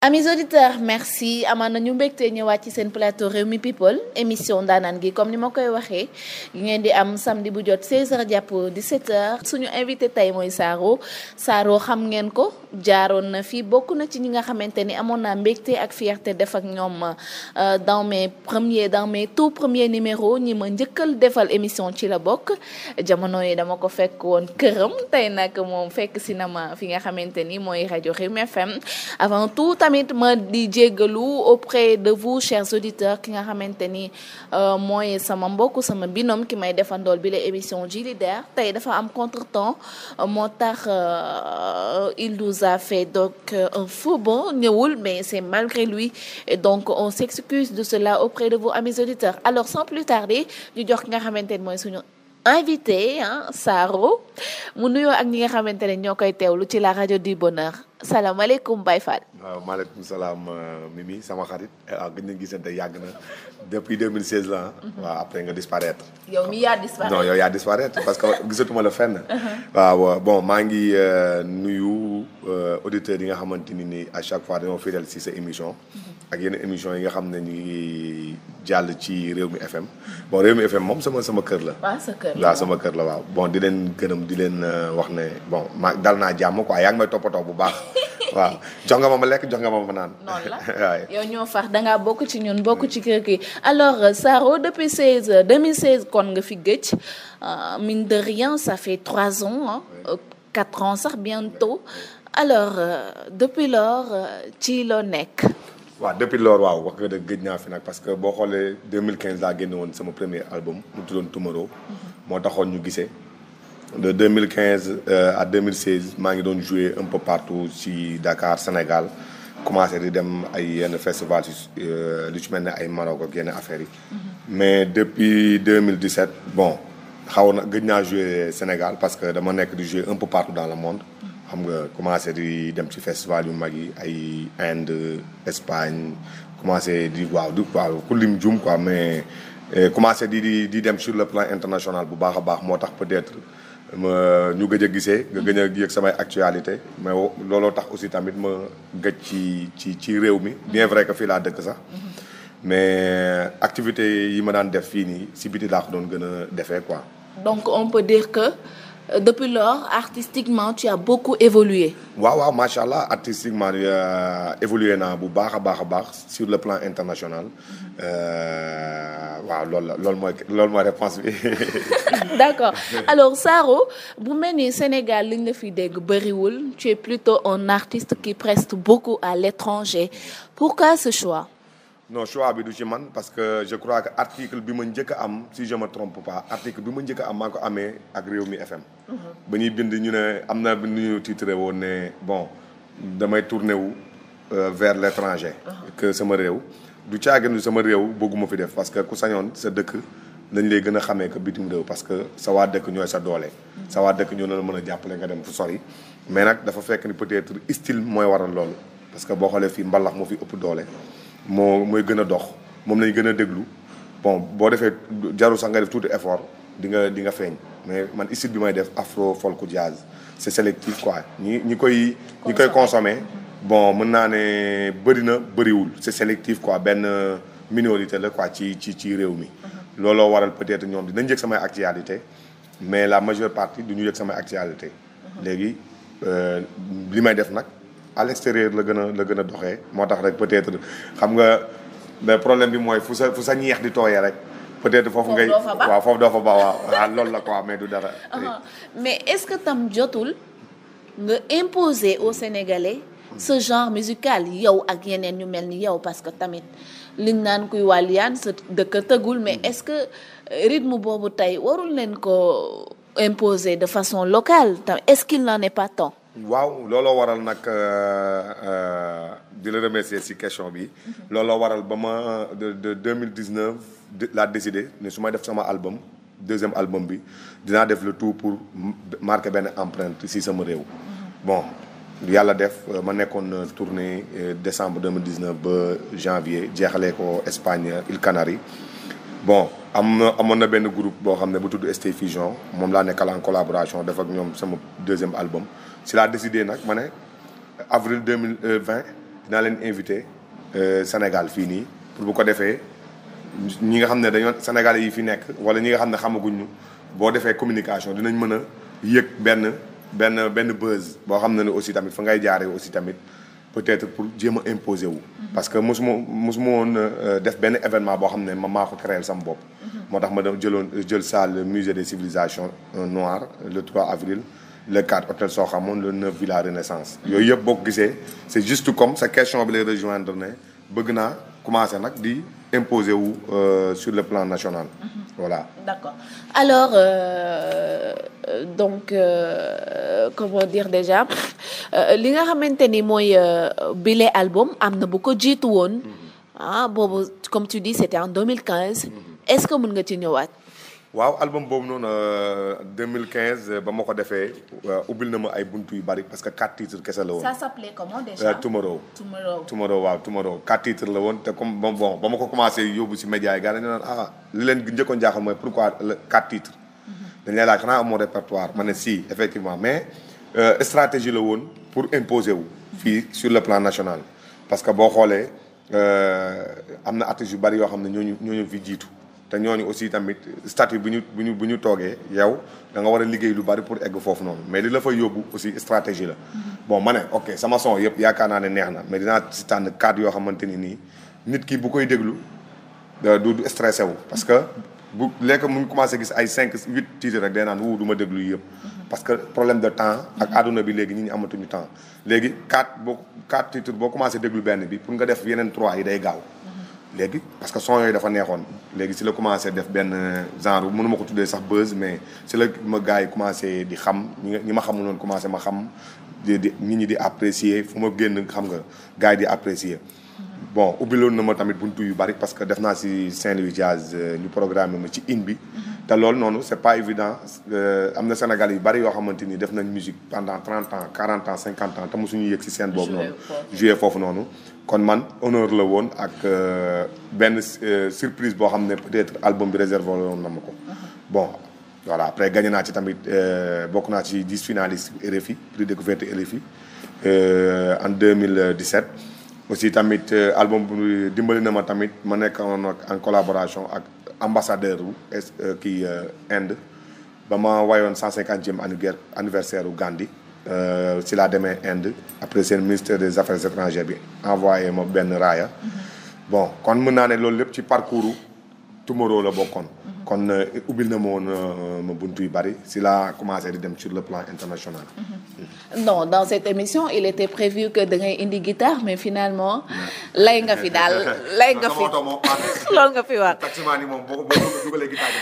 amis auditeurs merci amaan na ñu mbégte ñëwaat ci seen plateau Rewmi People émission ndaanaan gi comme ni ma koy waxee gi ngeen di am samdi bu jot 16h jàpp 17h suñu invité tey mooy Saaro Saaro xam ngeen ko jaaroon na fii bokk na ci ñi nga xamante ni amoon naa mbégte ak fierte def ak ñoom euh, dans mes premiers dans mes tout premier numéro ñi ma njëkkal defal émission ci la bokk jamono yi dama ko fekk woon këram tey nag moom fekk si na fi nga xamante ni mooy rajo Rewmi FM tamit ma di jéggalu auprès de vous chers auditeurs ki nga xamante ni euh, mooy sama mbokk sama binom ki may defandool bi la émission ji leader tey dafa am contretemps euh, moo tax euh, il nous a fait donc un faux bond ñëwul mais c'est malgré lui et donc on s'excuse de cela auprès de vous amis auditeurs alors sans plus tarder ñu jox ki nga xamante ni mooy suñu invité ah Saro mu nuyoo ak ñi nga xamante ne ñoo koy teewlu ci la rajo du bonheur salaamaaleykum Baye Fall. waaw maaleykum salaam euh, Mimi sama xarit waaw ah, gëj nañu gisante yàgg na depuis 2016 la mhm. waaw après nga disparaître. yow mi yaa disparaître non yow yaa disparaître parce que gisatuma la fenn. Uh-huh. waaw bon maa ngi euh, nuyu euh, auditeurs yi nga xamante ni à chaque fois dañoo fidèle si sa émission. Mhm. ak yenn émission yi nga xam ne ñu jàll ci réew mi FM boo réew mi FM moom sama sama kër la. waaw sa kër sama kër la waaw. bon di leen gërëm di leen euh, wax ne bon ma dal naa jàmm quoi yaa ngi may toppatoo bu baax. waaw jox ma ma lekk jox nga ma naan. noonu ñoo fax da ngaa bokk ci ñun bokk ci kër gi alors euh, Saro depuis 16 2016 euh, kon nga fi gëj mine de rien ça fait trois ans ah. 4 ans sax bientôt alors depuis lors ci loo nekk. waa depuis loolu waaw wax nga dëgg gëj fi nag parce que boo xoolee 2015 laa génne woon sama premier album mu tuddoon tomoro mhm. moo taxoon ñu gisee de 2015 euh, à 2016 maa ngi doon jouer un peu partout ci Dakar Sénégal commencé di dem ay yenn festival euh, lu ci mel ne ay Maroc ak yenn affaires yi mhm. mais depuis 2017 bon xaw na gëj naa Sénégal parce que dama nekk di jouer un peu partout dans le monde xam nga commencé di dem ci festival yu mag yi ay Inde Espagne commencé di waaw di waaw ku jum quoi mais eh, commencé di di di dem sur le plan international bu baax a baax moo tax peut-être ma ñu gëj a gisee nga gëj a mm-hmm. yëg samay actualité mais looloo tax aussi tamit ma gëj ci ci ci réew mi bien vrai que fii laa dëkk sax mm-hmm. mais activité yi ma daan def fii nii si biti laa ko doon gën a defee quoi donc on peut dire que Euh, depuis lors artistiquement tu as beaucoup évolué. waaw waaw allah artistiquement euh, évolué naa bu baax a baax a baax sur le plan international mhm. euh, waaw loolu la loolu mooy loolu mooy réponse d' accord alors Saro bu mel ni Sénégal liñ la fi dégg bëriwul tu es plutôt un artiste qui preste beaucoup à l' étranger pourquoi ce choix. non choix bi du ci man parce que je crois que article bi ma njëkk am si je me trompe pas article bi ma njëkk am maa ko amee ak mi FM. Mhm. ba ñuy bind ñu ne am na nu ñu titré woon ne bon damay tourné wu euh, vers l' étranger. Ah. que sama réew du caaginu sama réew bëgguma fi def parce que ku sañoon sa dëkk lañ lay gën a xamee que bitim réew parce que sa waa dëkk ñooy sa doole. Mhm. sa waa dëkk ñoo la mën a jàppale nga dem fu sori mais nag dafa fekk ni peut-être style mooy waral loolu parce que boo xoolee fii mbalax moo fi ëpp doole. moo mooy gën a dox moom lañ gën a déglu bon boo defee jarul sax nga def tuuti effort di nga di feeñ mais man style bi may def afro folk jazz c'est sélectif quoi ñi ñi koy ñi koy consommer bon mën naa ne bëri na bëriwul c'est sélectif quoi benn minorité la quoi ci ci ci réew mi uh-huh. looloo waral peut-être ñoom dinañ yëg samay actualité mais la majeure partie du ñu yëg samay actualité uh-huh. léegi euh, li may def nag à l'extérieur la gën a la gën a doxee moo tax rek peut-être xam nga mais problème bi mooy fu sa sa ñeex di tooyee rek peut-être foofu ngay waaw foofu doo fa ba waaw ah, loolu la ko mais du dara uh-huh. mais est-ce que tam jotul nga imposer aux Sénégalais ce genre musical yow ak yeneen ñu mel ni yow parce que tamit liñ naan kuy wàlliyaan sa dëkk tëggul mais est-ce que rythme boobu tey warul leen ko imposer de façon locale tam est-ce qu'il pas temps waaw looloo waral nag euh, euh, di la remercier si question bi. Mhm. looloo waral ba ma de de deux mille dix neuf laa décidé ne su ma def sama album deuxième album bi dinaa def le tout pour marquer benn empreinte si sama réew. Mhm. bon yàlla def euh, ma nekkoon tournée décembre deux mille dix neuf ba janvier jeexalee ko Espagne Îles Canaries bon am na amoon na benn groupe boo xam ne bu tudd ST Fusion moom laa nekkal en collaboration def ñoom sama deuxième album. si laa décidé nag ma ne avril deux mille euh, vingt dinaa leen invité euh, Sénégal fii nii pour bu ko defee ñi nga xam ne dañoo Sénégalais yi fi nekk wala ñi nga xam ne xamaguñu boo defee communication dinañ mën a yëg benn benn benn buzz boo xam ne ne aussi tamit fa ngay jaaree aussi tamit peut-être pour jéem a imposer wu. Mm-hmm. parce que mosuma mosuma woon euh, def benn événement boo xam ne ma maa ko créer sama bopp. Mm-hmm. moo tax ma dem jëloon jël salle musée de civilisations noires le 3 avril. le 4 soo Soxamoon le 9 villa Renaissance yooyu yëpp boo ko gisee c'est juste comme sa question bi lay rejoindre ne bëgg na commencé nag di imposer wu euh, sur le plan national. Mm -hmm. voilà d'accord alors euh, donc euh, comment dire déjà euh, li nga xamante ni mooy bile album am na bu ko jiitu woon mm-hmm. ah boobu comme tu dis c'était en 2015 mm mm-hmm. est-ce que mën nga ci ñëwaat. waaw album boobu noonu 2015 euh, euh, ba ma ko defee euh, ubbil na ma ay buntu yu bari parce que quatre titres kese la woon. ça s'appelait comment déjà. Tomorrow Tomorrow Tomorrow waaw Tomorrow quatre titres la woon te comme bon ba ma ko commencé yóbbu si média yi gars dañu ah, li leen njëkkoon jaaxal mooy pourquoi quatre titres. Mm-hmm. dañ lay laaj xanaa amoo répertoire ma ne si effectivement mais stratégie la woon pour imposer wu. fii sur le plan national parce que boo xoolee am na artistes yu bari yoo xam ne ñooñu ñooñu fi jiitu. te ñooñu aussi tamit statut bi ñu bu ñu bu ñu toogee yow da nga war a liggéey lu bari pour egg foofu noonu mais li la fa yóbbu aussi stratégie la. Mm-hmm. bon ma ne ok sama son yëpp yaakaar naa ne neex na mais dinaa si tànn cadre yoo xamante ni nii nit ki bu koy déglu du du stressé wu. parce que bu lekk mu ngi commencé gis ay cinq huit titres rek day naan wu du ma déglu yëpp. Mm-hmm. parce que problème de temps. ak àdduna mm-hmm. bi léegi ñi ñu amatuñu temps léegi quatre boo quatre boo commencé déglu benn bi pour nga def yeneen trois yi day gaaw. léegi parce que son yooyu dafa neexoon léegi si la commencé def benn genre mënu ma ko tuddee sax buzz mais si la ma gars yi commencé di xam ñi ma xamul woon commencé ma xam di di nit ñi di apprécier fu ma génn xam nga gars yi di apprécier. bon ubbiloon na ma tamit buntu yu bari parce que def naa si Saint-Louis Jazz euh, ñu programme ma ci in bi. Mm-hmm. te loolu noonu c'est pas évident euh, am na Sénégal yu bari yoo xamante ni def nañ musique pendant trente ans quarante ans cinquante ans te mosuñu yëg si seen boobu noonu. joué foofu noonu. kon man honneur la woon ak euh, benn euh, surprise boo xam ne peut-être album bi réservoir woon na ma ko. Uh-huh. bon voilà après gagné naa ci tamit euh, bokk naa ci 10 finalistes RFI prix découverte RFI en aussi tamit album bi dimbali na ma tamit ma nekk en collaboration ak ambassadeur wu kii Inde ba ma wayoon 150e anniversaire anniversaire u Gandhi. si euh, laa demee Inde après seen ministère des affaires étrangères bi envoyé ma benn raaya mhm. bon kon mun naa ne loolu lépp ci parcours Tomorrow la bokkoon kon euh, ubbil na ma woon euh, ma buntu yu bari si la commencé di dem sur le plan international. Mm-hmm. non dans cette émission il était prévu que da ngay indi guitare mais finalement. lay nga fi daal lay nga fi loolu nga fi wax.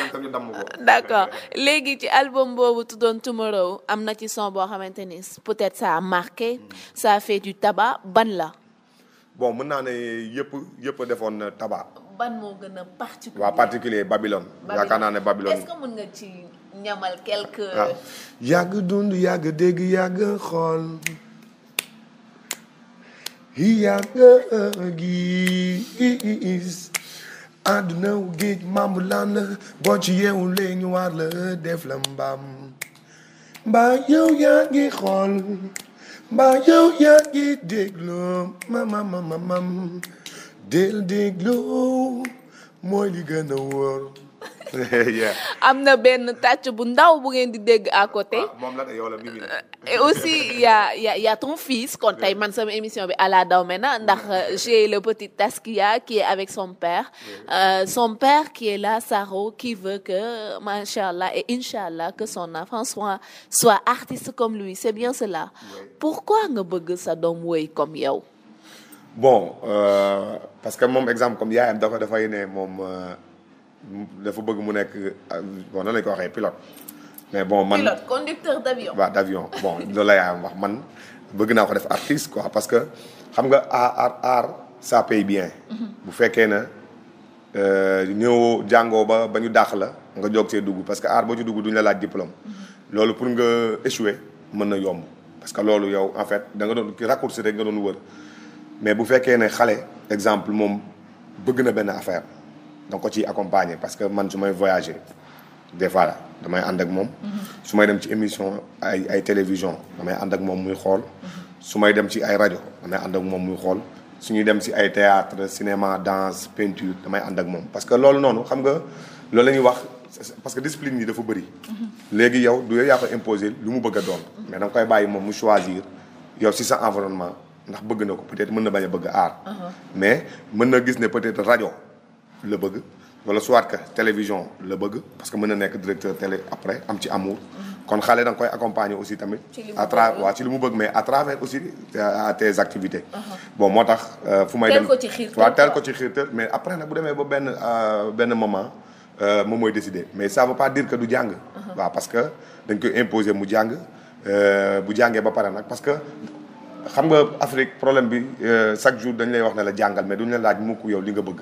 d'accord léegi ci album boobu tuddoon Tomorrow am na ci son boo xamante ni peut-être ça a marqué ça a fait du tabac ban la. bon mën naa ne yëpp yëpp defoon tabac. ban moo gën a particulier waaw particulier Babylone. yaakaar naa ne Babylone est-ce que mën nga ci ñamal quelque. Ah. yàgg dund yàgg dégg yàgg xool. yàgg uh, gis. àdduna wu géej mambu laan la boo ci yeewu léegi ñu war la def la mbaam. mbaa yow xool. mbaa yow yaa ngi déglu ma del déglu mooy li gën a am na benn tàcc bu ndaw bu ngeen di dégg à côté. Ah, moom la yow a y' a y' a ton fils kon tey man sama émission bi ala daw na ndax euh, j'ai le petit Taskia qui est avec son père. Euh, son père qui est là Saro qui veut que macha allah et incha allah que son enfant soit soit artiste comme lui c'est bien cela. pourquoi nga bëgg sa doom woy comme yow. bon euh, parce que moom exemple comme yaayam dafa dafay ne moom euh, dafa bëgg mu nekk euh, bon nan lañ ko waxee pilot mais bon man pilote conducteur d'avion. waaw d'avion bon loolu la yaayam wax man bëgg naa ko def artiste quoi parce que xam nga aar aar ça bien. Mhm. bu fekkee na euh, ñëwoo jàngoo ba ba ñu dàq la nga jóg see dugg parce que r boo ci dugg duñ la laaj diplôme. Mhm. loolu pour nga échouer mën na yomb parce que loolu yow en fait danga doon doon raccourci rek nga doon wër. mais bu fekkee ne xale exemple moom bëgg na benn affaire danga ko ci accompagner parce que man su may voyager des fois damay ànd ak moom. Mm-hmm. su may dem ci émission ay ay télévision damay ànd ak moom muy xool. Mm-hmm. su may dem ci ay rajo damay ànd ak moom muy xool su ñuy dem ci ay théâtre cinéma danse peinture damay ànd ak moom parce que loolu noonu xam nga loolu la ñuy wax parce que discipline yi dafa bëri. Mm-hmm. léegi yow du yow yaa ko imposer lu mu bëgg a doon. mais da koy bàyyi moom mu choisir yow ci sa environnement. ndax bëgg na ko peut-être mën na bañ a bëgg aar. Uh-huh. mais mën na gis ne peut-être rajo la bëgg wala soit que télévision la bëgg parce que mën na nekk directeur télé après am ci amour. Uh-huh. kon xale da koy accompagner aussi tamit. à travers waaw li mu bëgg mais à travers aussi euh, à tes activités. Uh-huh. bon moo tax euh, fu may dem teel ko ci xiirtal mais après nag bu demee ba benn euh, benn moment moom mooy décider mais sa veut pas dire que du jàng. waaw parce que dañ koy imposer mu jàng bu jàngee ba pare nag parce que. xam nga Afrique problème bi euh, chaque jour dañu lay wax ne la jàngal mais duñ la laaj mukk yow li nga bëgg.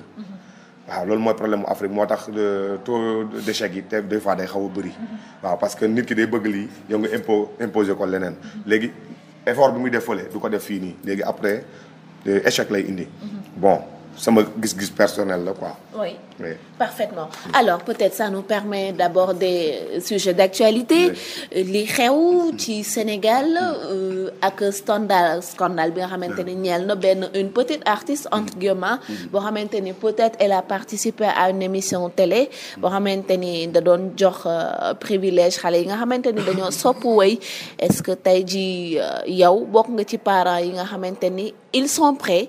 waaw loolu mooy problème mu Afrique moo tax euh, taux d'échec yi te des fois day xaw a bëri. waaw parce que nit ki day bëgg lii yow nga impo imposer ko leneen. léegi effort bi muy def fële du ko def fii nii léegi après euh, échec lay indi. bon. sama gis-gis personnel la quoi. oui parfaitement alors peut-être ça nous permet d'aborder sujet d'actualité li xew ci Sénégal euh, ak scandale scandale bi nga xamante ni ñeel na benn une petite artiste entre mm-hmm. guillemets mm-hmm. boo xamante ni peut-être elle a participé à une émission télé boo xamante ni da doon jox euh, privilège xale yi nga xamante ni dañoo sop woy est-ce que tey ji euh, yow bokk nga ci parent yi nga xamante ni ils sont prêts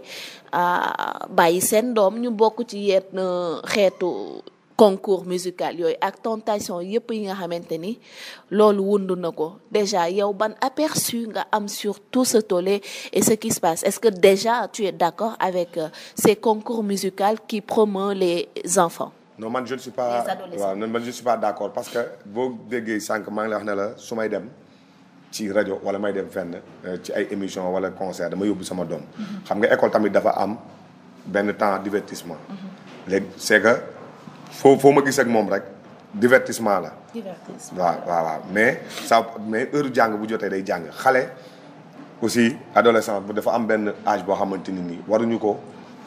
bàyyi seen doom ñu bokk ci na euh, xeetu concours musical yooyu ak tentation yëpp yi nga xamante ni loolu wund na ko déjà yow ban aperçu nga am sur tout ce tollé et ce qui se passe est-ce que déjà tu es d'accord avec euh, ces concours musicaux qui promeuvent les enfants non man je ne suis pas waaw man je ne suis pas parce que boo déggee sànq maa ngi lay wax ne la su may dem ci rajo wala may dem fenn euh, ci ay émission wala concert dama yóbbu sama doom. xam nga école tamit dafa am benn temps divertissement. Mhm. léegi c'est que foo foo ma gis ak moom rek divertissement la. waaw waaw mais ça mais heure jàng bu jotee day jàng xale. aussi adolescent bu dafa am benn âge boo xamante ni nii waruñu ko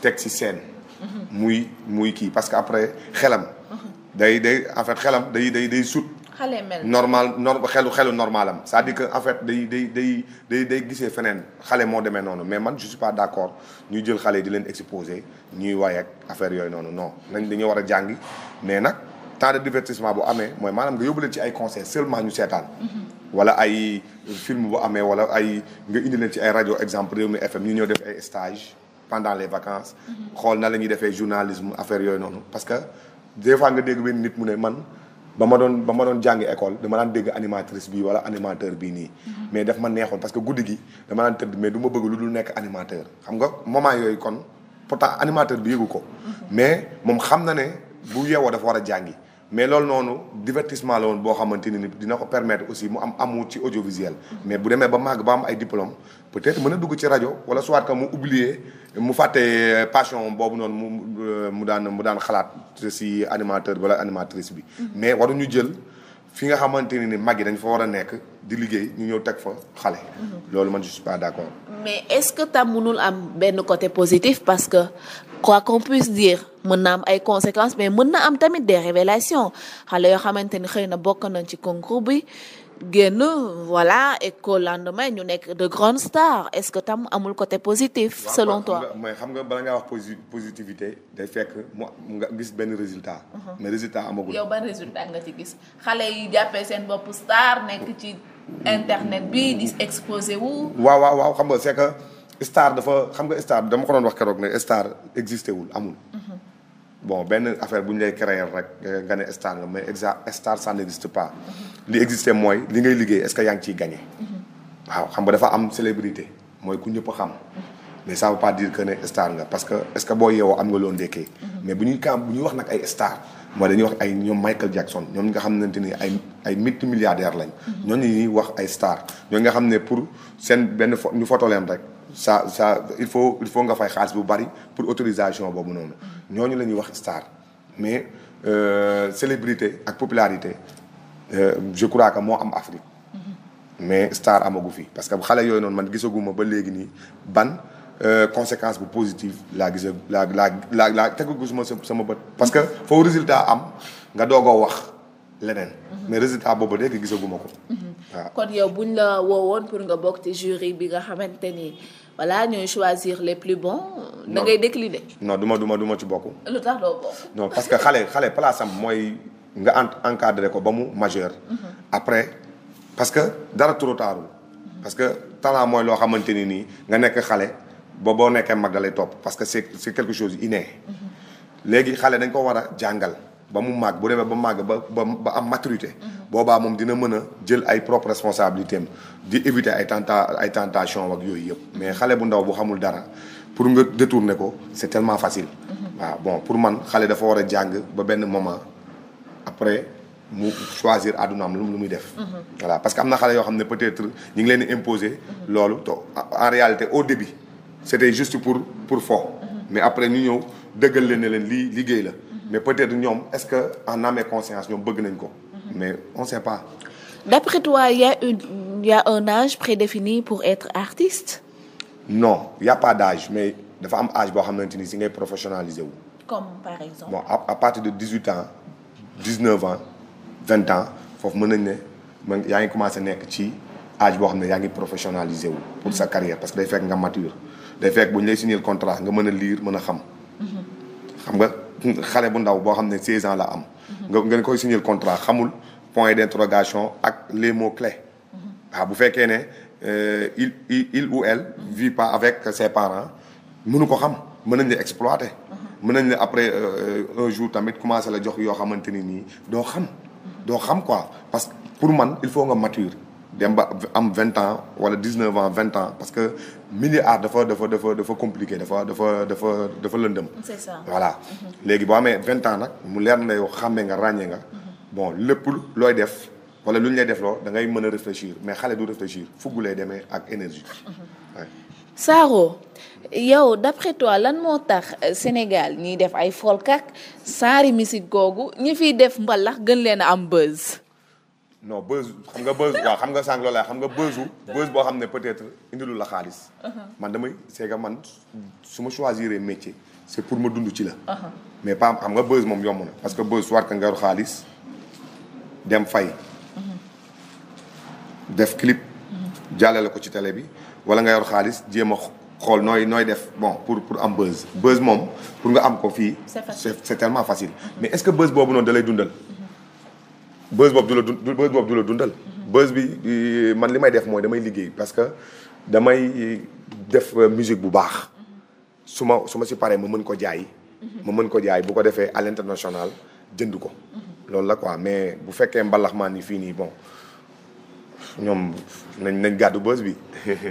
teg ci scène. Mhm. muy muy kii parce que après xelam. Mhm. day day en fait xelam day day day sut. xale mel. normal nor xelu xelu normal am c'est-à-dire que en fait day day day day day gisee feneen xale moo demee noonu mais man je suis pas d'accord ñuy jël xale di leen exposé ñu waaye ak affaire yooyu noonu non nañ dañoo war a jàngi mais nag temps de divertissement bu amee mooy maanaam nga yóbbu leen ci ay conseils seulement ñu seetaan. Mm-hmm. wala ay film bu amee wala ay nga indi leen ci ay rajo exemple Rewmi FM ñu ñëw def ay stage pendant les vacances. Mm-hmm. xool na la ñuy defee journalisme affaire yooyu noonu parce que des nga dégg nit mu ne man. ba ma doon ba ma doon jàngi école dama daan dégg animatrice bi wala animateur bii nii mhm. mais daf ma neexoon parce que guddi gi dama daan tëdd mais du ma bëgg lu dul nekk animateur xam nga moment yooyu kon pourtant animateur bi yëgu ko mhm. mais moom xam na ne bu yeewoo dafa war a jàngi mais loolu noonu divertissement la woon boo xamante ni dina ko permettre aussi mu am amu ci audiovisuel mhm. mais bu demee ba màgg ba am ay diplôme peut-être mën a dugg ci rajo wala soit que mu oublier mu fàtte passion boobu noonu mu euh, mu daan mu daan xalaat si animateur wala animatrice bi. Mm-hmm. mais waruñu jël fi nga xamante ne ni mag yi dañ foo war a nekk di liggéey ñu ñëw teg fa xale. Mm-hmm. loolu man je suis pas d'accord. mais est-ce que tam nul am benn côté positif parce que quoi qu'on puisse dire mën na am ay conséquences mais mën na am tamit des révélations xale yoo xamante ni xëy na bokk nañ ci concours bi. génn voilà et qu'au lendemain ñu nekk de grandes stars est-ce que tam amul côté positif. selon toi mooy xam nga bala ngaa wax posi positivité day fekk mu nga gis benn résultat. Uh-huh. mais résultat amagul. yow ban résultat nga ci gis xale yi jàppee seen bopp star nekk ci internet bi di exposé wu. waaw waaw waaw xam nga c'est que star dafa xam nga star dama ko doon wax keroog ne star existé amul. Uh-huh. bon benn affaire bu ñu lay créer rek nga ne star nga mais exa star ça n'existe pas li existé mooy li ngay liggéey est-ce que yaa ngi ciy gagné waaw xam nga dafa am célébrité mooy ku ñëpp xam mais ça veut pas dire que ne star nga parce que est-ce boo yeewoo am nga loo ndekkee mais bu ñu camp bu ñu wax nag ay star mooy dañuy wax ay ñoom Michael Jackson ñoom ñi nga xamante ni ay ay multi milliardaire lañ ñooñu ñuy wax ay star ñooñu nga xam ne pour seen benn ñu foto leen rek ça ça il faut il faut nga fay xaalis bu bari pour autorisation boobu noonu ñooñu lañuy wax star mais euh, célébrité ak popularité euh, je crois que moo am Afrique mais star amagu fi parce que xale yooyu noonu man gisaguma ba léegi nii ban euh, conséquence bu positive laa gis laa laa laa laa tegu gisuma sama bët parce que foo résultat am nga doogoo wax leneen. mais résultat boobu léegi gisaguma ko. waaw mhm. kon yow buñ la woowoon pour nga bokk ci jury bi nga xamante ni voilà ñooy choisir les plus bons. da ngay no non duma duma duma ci bokk. lu tax doo bokk. non parce que xale xale place am mooy nga encadré ko ba mu majeur. Mhm. après parce que dara trop tardul. Mhm. parce que talent mooy loo xamante ni nii nga nekk xale ba boo nekkee mag da topp parce que c'est c'est quelque chose inné. léegi xale dañ ko war a jàngal. ba mu màgg bu demee ba màgg ba ba ba am maturité. boobaa moom dina mën a jël ay propre responsabilité am di éviter ay tenta ay tentation ak yooyu yëpp. mais xale bu ndaw bu xamul dara pour nga détourner ko c' telement tellement facile. waaw bon pour man xale dafa war a jàng ba benn moment après mu choisir àddunaam lu muy def. voilà parce que am na xale yoo xam ne peut-être ñu ngi leen di imposer. loolu to en réalité au début c' était juste pour pour fo. mais après ñu ñëw dëggal leen ne leen lii liggéey la. mais peut-être ñoom est-ce que en âme et conscience ñoom bëgg nañ ko. mais on sait pas. d'après toi y a une y a un âge prédéfini pour être artiste. non y a pas d'âge mais dafa am âge boo xamante ni si ngay professionnaliser wu. comme par exemple. bon à, à de dix huit ans dix neuf ans vingt ans foofu mën nañ ne man yaa ngi commencé nekk ci âge boo xam ne yaa ngi professionnaliser wu. pour sa carrière parce que day fekk nga mature day fekk bu ñu lay signer contrat nga mën a liir mën a xam. Mhm. xam nga. xale bu ndaw boo xam ne 16 ans la am. nga ngeen koy signer contrat xamul point d'interrogation ak les mots clés. bu fekkee ne euh, il il il ou elle vit pas avec ses parents mënu ko xam mën nañ la exploiter. mën nañ la après euh, un jour tamit commencer la jox yoo xamante ni nii doo xam. doo xam quoi parce que pour man il faut nga mature. dem ba am vingt ans wala dix neuf ans vingt ans parce que milliard dafa dafa dafa dafa compliqué dafa dafa dafa dafa lëndëm. c'est ça voilà. Mm-hmm. léegi boo amee vingt ans nag mu leer na yow xàmmee nga ràññee nga. Mm-hmm. bon lépp looy def wala lu ñu lay def loo da ngay mën a réfléchir mais xale du réfléchir fugg lay ak énergie. Mm-hmm. Saaro yow d'après toi lan moo tax Sénégal ñiy def ay folkak saari misik googu ñi fi def mbalax gën leen a am buzz. non buzz xam nga buzz waaw xam nga sànq loolu xam nga buzzu buzz peut-être indilu la xaalis. Uh-huh. man damay c'est que man su ma choisir métier pour ma dund ci la. Uh-huh. mais pas xam nga buzz moom yomb parce que buzz soit que nga xaalis dem fay. Uh-huh. def clip. jàllale ko ci télé bi wala nga yor xaalis jéem a xool nooy nooy def bon pour pour am buzz. buzz moom pour nga am ko fii. c'est c'est tellement est-ce boobu noonu dalay dundal. bës boobu du la boobu du la dundal. bës bi euh, man li may def mooy damay liggéey parce que damay def euh, musique bu baax. su ma su si paree ma mën ko jaay. ma mën ko jaay bu ko defee à l'international jënd ko. loolu la quoi mais bu fekkee mbalax maa ni fii nii bon ñoom nañ nañ gàddu bës bi.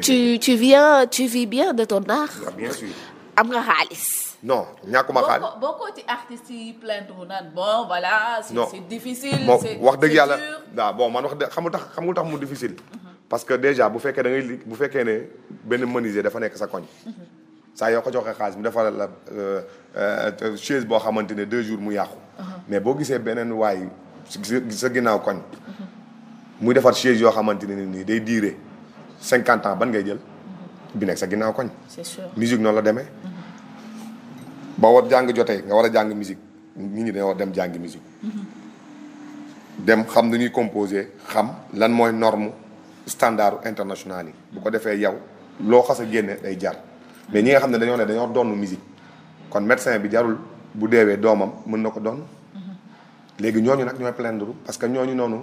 tu tu viens tu vis bien de ton art. Ah, bien sûr am nga xaalis. non ñàkkuma xaalis boo ko ci artistes yi plainte wu naan bon voilà. non difficile wax dëgg yàlla waaw boo man wax dëgg xamul tax xamul tax mu difficile. Mhm. parce que déjà bu fekkee da ngay bu fekkee ne benn menuisier dafa nekk sa koñ. Mhm. saa yoo ko joxee xaalis mi dafa la euh, euh, chaise boo xamante ne deux jours mu yàqu. Mhm. mais boo gisee beneen waay sa ginnaaw koñ. muy defar chaise yoo xamante ne nii day diire cinquante ans ban ngay jël. bi nekk sa ginnaaw koñ. c'est noonu la demee. boo war jàng jotee nga war a jàng musique nit ñi dañoo dem jàng musique dem xam nu ñuy composé xam lan mooy norme standard international yi bu ko defee yow loo xas a génne day jar mais ñi nga xam ne dañoo ne dañoo doon musique kon médecin bi jarul bu deewee doomam mën na ko doon léegi ñooñu nag ñooy plaindre parce que ñooñu noonu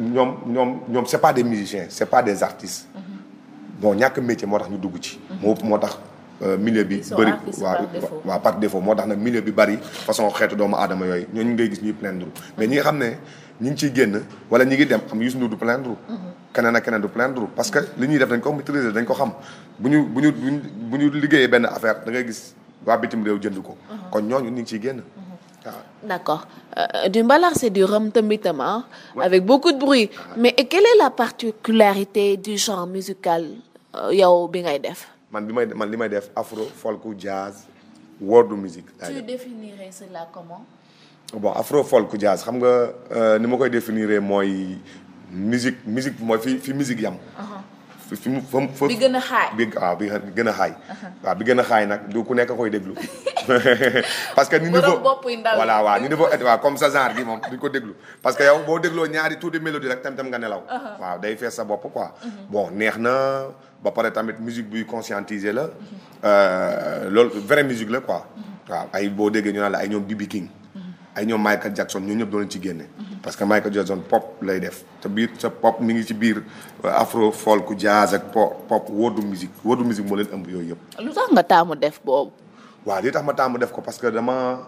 ñoom ñoom ñoom c'est pas des musiciens c'est pas des artistes mm-hmm. bon ñàkk métier moo tax ñu dugg ci moo moo tax Euh, milieu bi bëri waaw waaw par défaut moo tax nag milieu bi bëri façon xeetu doomu aadama yooyu ñooñu ngay gis ñuy plaindre mais ñi xam ne ñi ngi génn wala ñi ngi dem xam Youssou Ndour du plaindre mm-hmm. keneen ak keneen du plaindre parce que li ñuy def dañ ko xam bu ñu bu ñu bu ñu liggéeyee benn affaire da ngay gis waa bitim réew jënd ko mm-hmm. kon ñooñu ñi ngi ciy génn waaw mm-hmm. d'accord euh, du mbalax c'est du rëm tamit ah. avec beaucoup de bruit. Ah. mais quelle est la particularité du genre musical euh, yow bi ngay def. man bi may man li may def afro folk jazz world music. tu définirais cela comment. bon afro folk jazz xam nga euh, ni ma koy définir mooy musique musique mooy fi fi musique yam. Uh-huh. fi mu fa fa bi gën a xaay bi ah, uh-huh. waaw bi gën a xaay. waaw bi gën a xaay nag du ku nekk koy déglu. parce que ni niveau voilà waaw ni niveau waaw comme ça genre bi moom duñ ko déglu parce que yow boo dégloo ñaari tuuti mélodie rek tam tam nga nelaw. Uh-huh. waaw day fees sa bopp quoi. Uh-huh. bon neex na ba pare tamit musique buy conscientiser la. Euh, loolu vraie musique la quoi. waaw ay boo déggee ñu naan la ay ñoom Bibi ay ñoom Michael Jackson ñoo ñëpp doon ci génne. parce que Michael Jackson pop lay def te biir sa pop mu ngi ci biir euh, afro folk jazz ak pop pop world music world music moo leen ëmb yooyu yëpp. lu tax nga taamu def boobu. waaw li tax ma taamu def ko parce que dama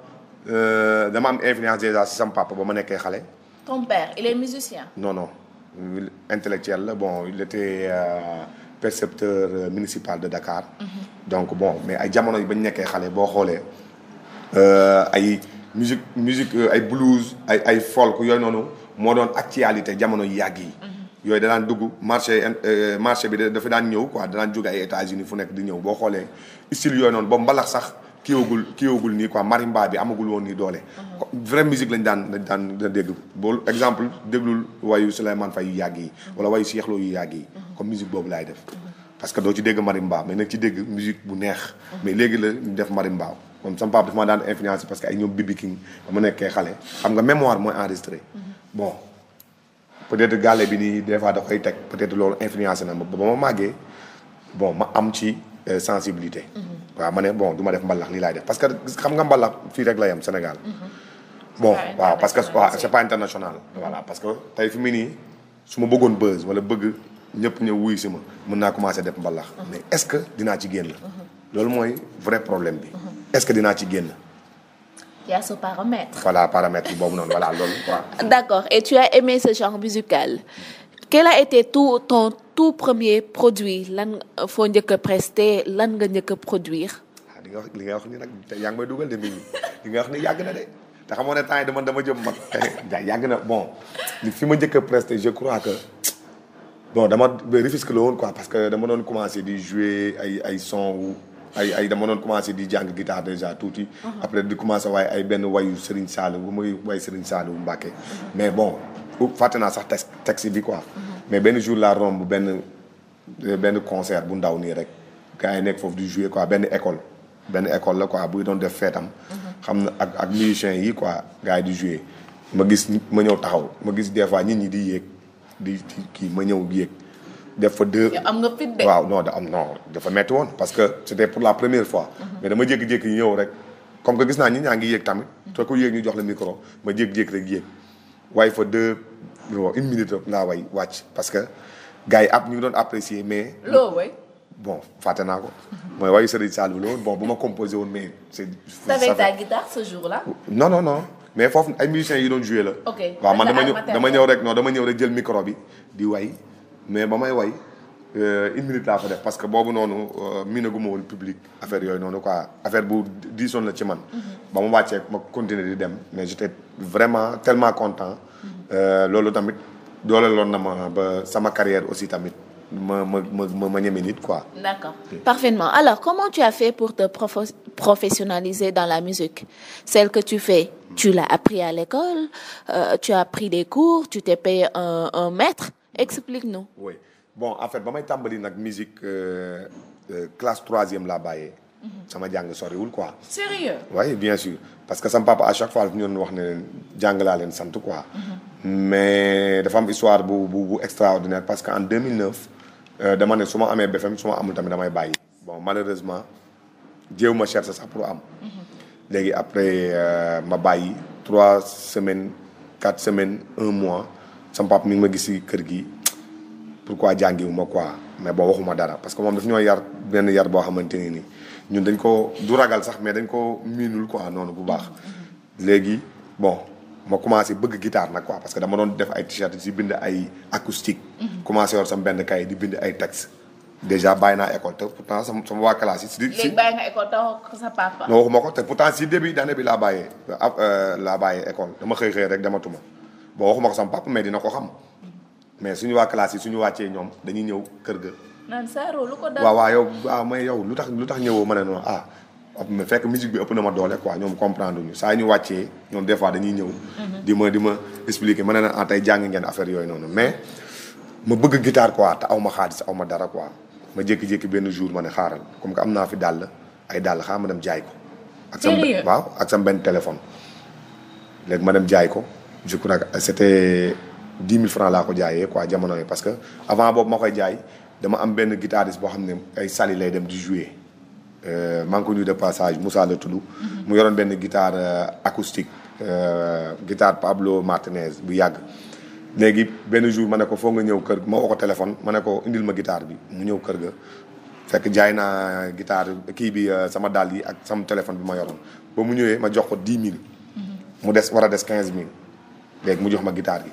euh, dama am influence déjà si sama ba ma nekkee xale. ton père il est musicien. non non intellectuel la bon il était euh, percepteur euh, municipal de Dakar. Mhm. donc bon mais ay jamono yi ba nekkee xale boo xoolee musique musique euh, ay blues ay ay folk yooyu noonu moo doon actualité jamono yàgg yi. Mm-hmm. yooyu da daan dugg marché euh, marché bi dafa daan ñëw quoi danaa daan jóge ay États-Unis fu nekk di ñëw boo xoolee style yooyu noonu ba mbalax sax kiiwagul kiiwagul nii quoi marimba bi amagul woon nii doole. Mm-hmm. vraie lañ daan lañ daan dégg bool exemple déglul wayu Souleymane Faye yu yàgg yi mm-hmm. wala wayu Cheikh Lo yu yàgg yi comme musique boobu laay def. parce que doo ci dégg marimba mais nag ci dégg musique bu neex. mais léegi la def marimba. moom sama papa daf ma daan influencé parce que ay ñoom Bibi King mu nekkee xale xam nga mémoire mooy enregistré bon peut-être gàlle bi nii des fois da koy teg peut-être loolu influencé na ma ba ma maggee bon ma am ci euh, sensibilité mm-hmm. waaw ma ne bon du ma def mbalax lii laay def parce que xam nga mbalax fii rek la yam Sénégal mm-hmm. bon waaw parce que waaw c'est pas mm-hmm. que tey fi mu nii su ma bëggoon buzz wala bëgg ñëpp ñëw wuy si ma mën naa commencer def mbalax mais est-ce que dinaa ci génn loolu mooy vrai problème bi est-ce que dinaa ci génn. y a ce paramètre. voilà paramètre boobu noonu voilà loolu waaw. d'accord et tu as aimé ce genre musical. quel a été tout ton tout premier produit lan foo njëkk a prester lan nga njëkk a produire. li ah, nga wax li nga wax ni nag yaa ngi may dugal de mi li nga wax ni yàgg na de te ma ne temps yi dama dama jëm mag. yàgg na bon fi ma njëkk a prester je crois que bon dama Rufisque la woon quoi parce que dama doon commencer di jouer ay ay son ay ay dama doon commencé di jàng guitare déjà tuuti. Uh-huh. après di commencé waaye ay benn wayu Serigne Saliou bu muy way Serigne Saliou Mbacké. mais bon fàtte naa sax texte texte bi quoi. Uh-huh. mais benn jour laa romb benn benn concert bu ndaw nii rek gars yi nekk foofu di jouer quoi benn école. benn école la quoi buy doon def feetam. Uh-huh. xam na ak ak musiciens yi quoi gars yi di jouer ma gis ma ñëw taxaw ma gis des fois nit ñi di yéeg di kii ma ñëw yéeg. def fa deux am nga waaw non da am non dafa metti woon parce que c'était pour la première fois mhm. mais dama jékki-jékki ñëw rek comme que gis naa ñi ñaa ngi yéeg tamit te ko yéeg ñu jox la micro ma jékki-jékki rek yéeg waaye fa deux une minute laa way wàcc parce que gars yi ab ñu doon apprécier mais loo bon fàtte naa ko mooy wayu Serigne Saliou la woon bu ma composé woon mais c'est t'avais ta guitare ce mais foofu ay musiciens yi doon joué la waaw man dama ñëw dama ñëw rek non dama ñëw rek jël micro bi di way mais ba may woy euh, une minute laa fa def parce que boobu noonu euh, miinaguma woon public affaire yooyu noonu quoi affaire bu diisoon la ci man. Mm-hmm. ba mu wàccee ma continuer di dem mais j'étais vraiment tellement content. Mm-hmm. Euh, loolu tamit loon na ma ba sama carrière aussi tamit. ma ma ma ma ñeme nit quoi. d'accord parfaitement alors comment tu as fait pour te professionnaliser dans la musique celle que tu fais tu l'as appris à l'école tu as pris des cours tu t'es payé un un maître. explique-nous. oui bon en ba may tàmbali nag musique euh, euh, troisième laa bàyyee. Mhm. sama jàng soriwul quoi. sérieux oui bien sûr parce que sam papa à chaque fois ñu doon wax ne leen jàng laa leen sant quoi. Mhm. mais dafa am histoire bu bu bu extraordinaire parce que en 2009 euh, dama ne su ma amee BFM su ma amul tamit damay bàyyi. bon malheureusement jéew ma cherche sax pour am. Mhm. léegi après euh, ma bàyyi trois semaines quatre semaines un mois. sama papa mi ngi ma gis si kër gi pourquoi jàngiwu ma quoi mais boo waxuma dara parce que moom daf ñoo yar benn yar boo xamante ni nii ñun dañ ko du ragal sax mais dañ ko miinul quoi noonu bu baax léegi bon ma commencé bëgg guitare na quoi parce que dama doon def ay t-shirt si bind ay acoustique mhm. commencé war sama benn kay di bind ay texte déjà bàyyi naa école te pourtant sama sama waa classe yi. si léegi sa papa. non ko te pourtant si début d'année bi laa bàyyee euh, euh, laa bàyyee école dama xëy xëy rek dama tuma boo waxuma ko sama papa mais dina ko xam mais suñu waa classe yi suñu wàccee ñoom dañuy ñëw kër ga. waaw waaw yow waaw may yow lu tax lu tax ñëwoo ma ne noonu ah. fekk musique bi ëpp na ma doole quoi ñoom comprendre ñu saa ñu wàccee ñoom des fois dañuy ñëw. Mhm. di ma di ma expliquer ma ne la ah tey jàng ngeen affaire yooyu noonu mais ma bëgg guitare quoi te aw ma xaalis aw ma dara quoi ma jékki benn jour ma ne xaaral comme que am naa fi dàll ay dàll xaaral dem jaay ko. ak waaw ak sam benn téléphone léegi ma dem jaay ko. je crois que c' était dix mille francs laa ko jaayee quoi jamono yi parce que avant boobu ma koy jaay dama am benn guitariste boo xam ne ay sali lay dem di jouer euh, maa ngi ko nuyu de passage Moussa la tudd. Mhm. mu yoroon benn guitare euh, acoustique euh, guitare Pablo Martinez bu yàgg. léegi benn jour ma ne ko foo nga ñëw kër ma woo ko téléphone ma ne ko indil ma guitare bi mu ñëw kër ga fekk jaay naa guitare kii bi sama dàll yi ak sama téléphone bi ma yoroon ba mu ñëwee ma jox ko dix mille. Mhm. mu des war a des quinze mille. léegi mu jox ma guitare gi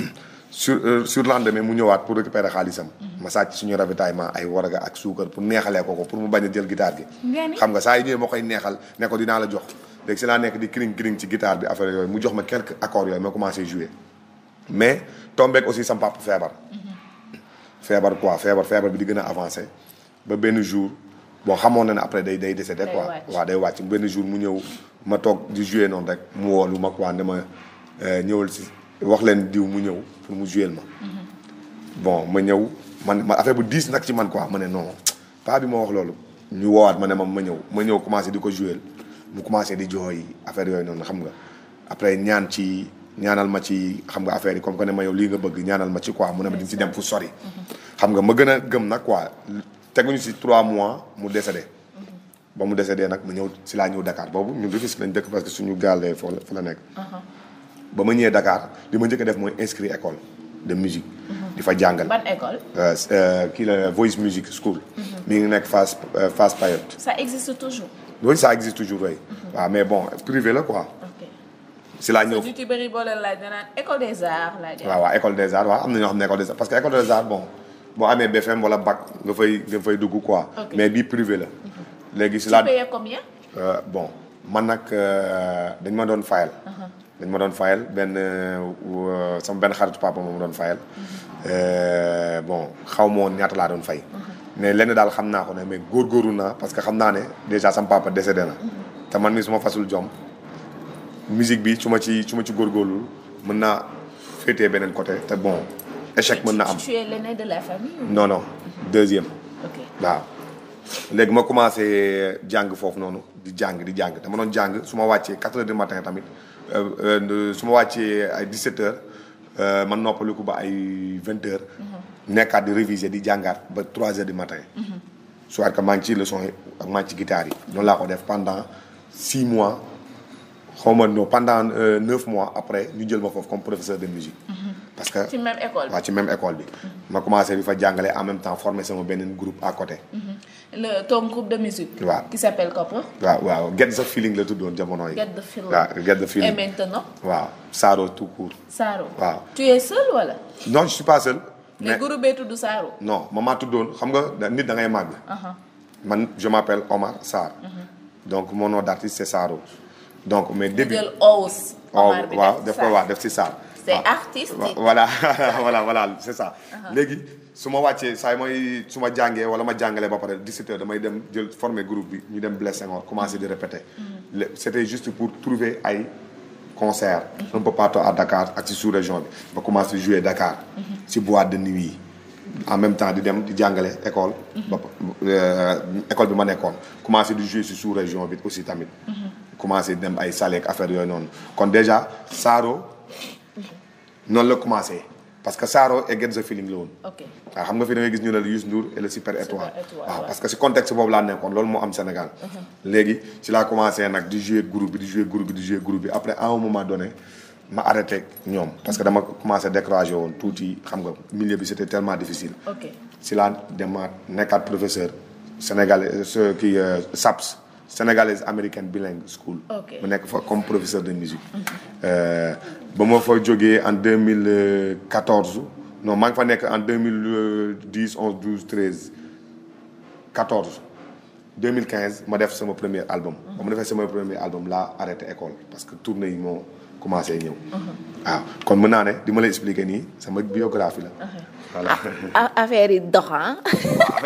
sur euh, sur lendemain mu ñëwaat pour récupérer xaalisam. Mhm. ma sàcc suñu ravitaillement ay warga ak suukar pour neexalee ko ko pour mu bañ a jël guitare gi. xam nga saa yu ñëwee koy neexal nekk dinaa la jox. léegi si laa nekk di kiring kiring ci guitare bi affaire yooyu mu jox ma quelques accords yooyu ma commencé jouer mais tombeek aussi sama papa feebar. Mhm. feebar quoi feebar feebar bi di gën a avancé ba benn jour boo xamoon na ne après day day décédé quoi. day wàcc waaw day wàcc benn jour mu ñëw ma toog di jouer noonu rek mu woo lu ma quoi Euh, ñëwal si wax leen diw mu ñëw pour mu jouer ma. Mm-hmm. bon ma ñëw man ma affaire bu nag ci man quoi ma ne non paa bi ma wax loolu. ñu woowaat ma ne ma ñëw ma ñëw commencé di ko jouer mu commencé di jooy affaire yooyu noonu xam nga après ñaan ci ñaanal ma ci xam nga affaire yi comme que ne ma yow lii nga bëgg ñaanal ma ci quoi mu ne ma di si dem fu sori. Mm-hmm. xam nga ma gën a gëm nag quoi teguñu si trois mois mu décédé. Mm-hmm. ba mu décédé nag ma ñëw si laa ñëw Dakar boobu ñu Rufisque lañ dëkk parce que suñu gaal foofu la fa la nekk. Uh-huh. ba ma ñëwee dakaar li ma njëkk def mooy inscrit école de musique. Mhm. di fa jàngal ban école. Euh, euh, kii Voice Music School. Mhm. mi ngi nekk Fass euh, Fass Payotte. ça existe toujours. loolu ça existe toujours mhm. mais bon privé la quoi. si laa ñëw ci bëri boole am na ñoo xam parce que école des arts bon boo amee BFM wala bac nga fay nga fay dugg quoi. mais bii privé la. léegi si la bon man nag dañ ma doon fayal. dañ ma doon fayal benn euh, sama benn xaritu papa moom ma doon fayal euh, bon xaw ma woon ñaata laa doon fay. mais lenn daal xam naa ko ne mais góorgóorlu naa parce que xam naa ne déjà sama papa décédé na. te man mii su ma fasul jom musique bi su ma ci su ma ci góorgóorlu mën naa féete beneen côté te bon échec mën naa am. tu es de la famille. non non deuxième. waaw. léegi ma commencé jàng foofu noonu di jàng di jàng ma doon jàng su ma wàccee quatre heures matin tamit. Euh, euh, su ma wàccee ay 17h euh, man noppaliku ba ay 20h. Mm-hmm. nekkaat di réviser di jàngaat ba trois h du matin. Mm-hmm. soit que maa ngi ci leçon yi ak maa ngi ci guitare yi. noonu laa ko def pendant 6 mois xaw ma non pendant 9 mois après ñu jël ma foofu comme professeur de musique. Mm-hmm. parce que ci même école bi ma commencé di fa jàngale en même temps former sama beneen groupe à côté. Mm-hmm. ton groupe de musique. waaw qui s'appelle Kopo. waaw waaw Get the Feeling la tuddoon jamono yi. Get the Feeling waaw Get the Feeling. et tu es seul wala. non je pas seul. mais groupe bee tudd Saaro. non man maa tuddoon xam nga nit da ngay màgg. Uh-huh. man je m'appelle Omar Sarr. Uh-huh. donc mon nom d'artiste c'est donc mais début jël Omar bi def si Sarr. c'est ah, artistique voilà voilà voilà c'est ça. Uh-huh. léegi su ma wàccee saa yi may su ma jàngee wala ma jàngalee ba pare 17 heures damay dem jël former groupe bi ñu dem Blaise Senghor commencer di répéter. Mm-hmm. c'était juste pour trouver ay concert mm-hmm. un peu partout à Dakar ak ci sous-région bi ba commencer jouer Dakar. Mm-hmm. ci boîte de nuit yi. en même temps di dem di jàngale école. ba euh, école bi ma nekkoon commencé di jouer ci sous région bi aussi tamit. commencé dem ay Salek affaire yooyu noonu kon déjà Saaro. noonu la commencé parce que Saaro et Get the Feeling la woon. ok xam nga fi da ngay gis ñu ne la Youssou Ndour et le super étoile. waaw parce que si contexte boobu laa nekkoon loolu moo am Sénégal. Uh-huh. léegi si laa commencé nag di jouer group bi di jouer groupe bi di jouer groupe après à un moment donné ma arrêté ñoom parce que dama commencé découragé woon tuuti xam nga milieu bi c'était tellement difficile. si laa demaat nekkaat professeur sénégalais kii euh, SAPS. sénégalaise américaine bilingue school. mu nekk fa comme professeur de musique. Euh, ba ma fa jógee en 2014 non maa ngi fa nekk en 2010 11 12 13 14 2015 ma def sama premier album. ba ma defee sama premier album laa arrêté école parce que tournée yi moo commencé ñëw. Uh-huh. waaw kon mën naa ne di ma la expliquer nii sama biographie la. Uh-huh. voilà ah, ah, affaire yi dox ah.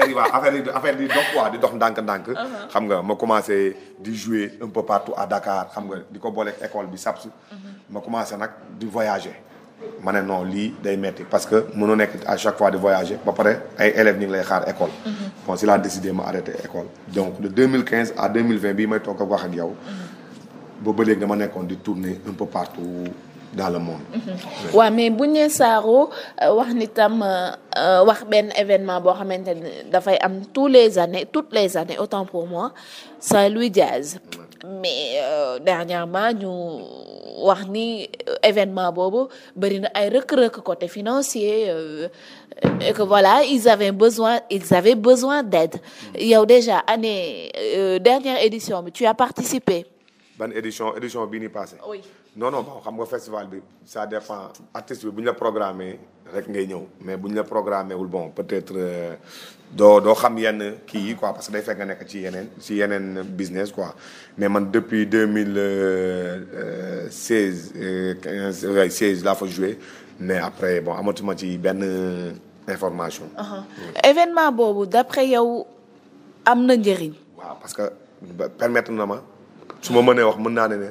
yi waaw affaire affaire yi dox waaw di dox ndànk-ndànk. Uh-huh. xam nga ma commencé di jouer un peu partout à Dakar xam nga di ko booleeg école bi SAPS. Uh-huh. ma commencé nag di voyager. ma ne non lii day metti parce que mënoo nekk à chaque fois di voyager ba pare ay élèves ñu lay xaar école. Uh-huh. bon si laa décidé ma arrêté école. donc de 2015 à 2020 bii may toog ak wax ak yow. ba ba léegi dama nekkoon di tourner un peu partout. dans le monde. waaw mhm. mais bu ñu nee Saaro euh, wax ni tam euh, euh, wax benn événement boo xamante ne dafay am tous les années toutes les années autant pour moi Saint-Louis Jazz. mais dernièrement ñu wax ni événement boobu bëri na ay rëkk-rëkk côté financier e que voilà ils avaient besoin ils avaient besoin d'aide mm. yow déjà année dernière édition bi tu as participé. ban édition édition bii passé non non bon xam nga festival bi ça dépend artiste bi bu ñu la programmé rek ngay ñëw mais bu ñu la programmé wul bon peut-être euh, doo doo xam yenn kii yi quoi parce que day fekk nga ci yeneen ci yeneen business quoi mais man depuis deux mille euh, euh, seize quinze waaye seize laa fa joué mais après bon amatuma ci benn information. Uh-huh. événement boobu d'après yow am na njëriñ. waaw parce que permettre na ma su ma mënee wax mën naa ne ne.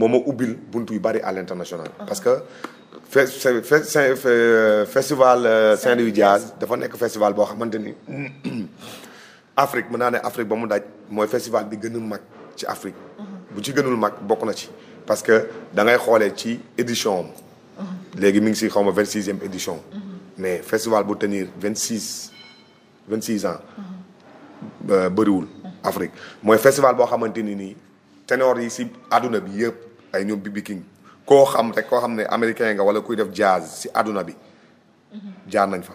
moo ma ubbil buntu yu bari à l'international parce que fe festival euh, Saint-Louis Jazz dafa nekk festival boo xamante ni Afrique mën naa ne Afrique ba mu daj mooy festival bi gën mag ci Afrique mhm. bu ci gënul mag bokk na ci parce que da ngay xoolee ci édition mhm. léegi mu ngi si xaw ma vingt sixième édition mhm. mais festival bu tenir vingt six vingt six ans euh, bëriwul Afrique mooy festival boo xamante ni nii ténor yi si àdduna bi yëpp ay ñoom Bibi koo xam rek koo xam ne américain nga wala kuy def jazz si àdduna bi jaar nañ fa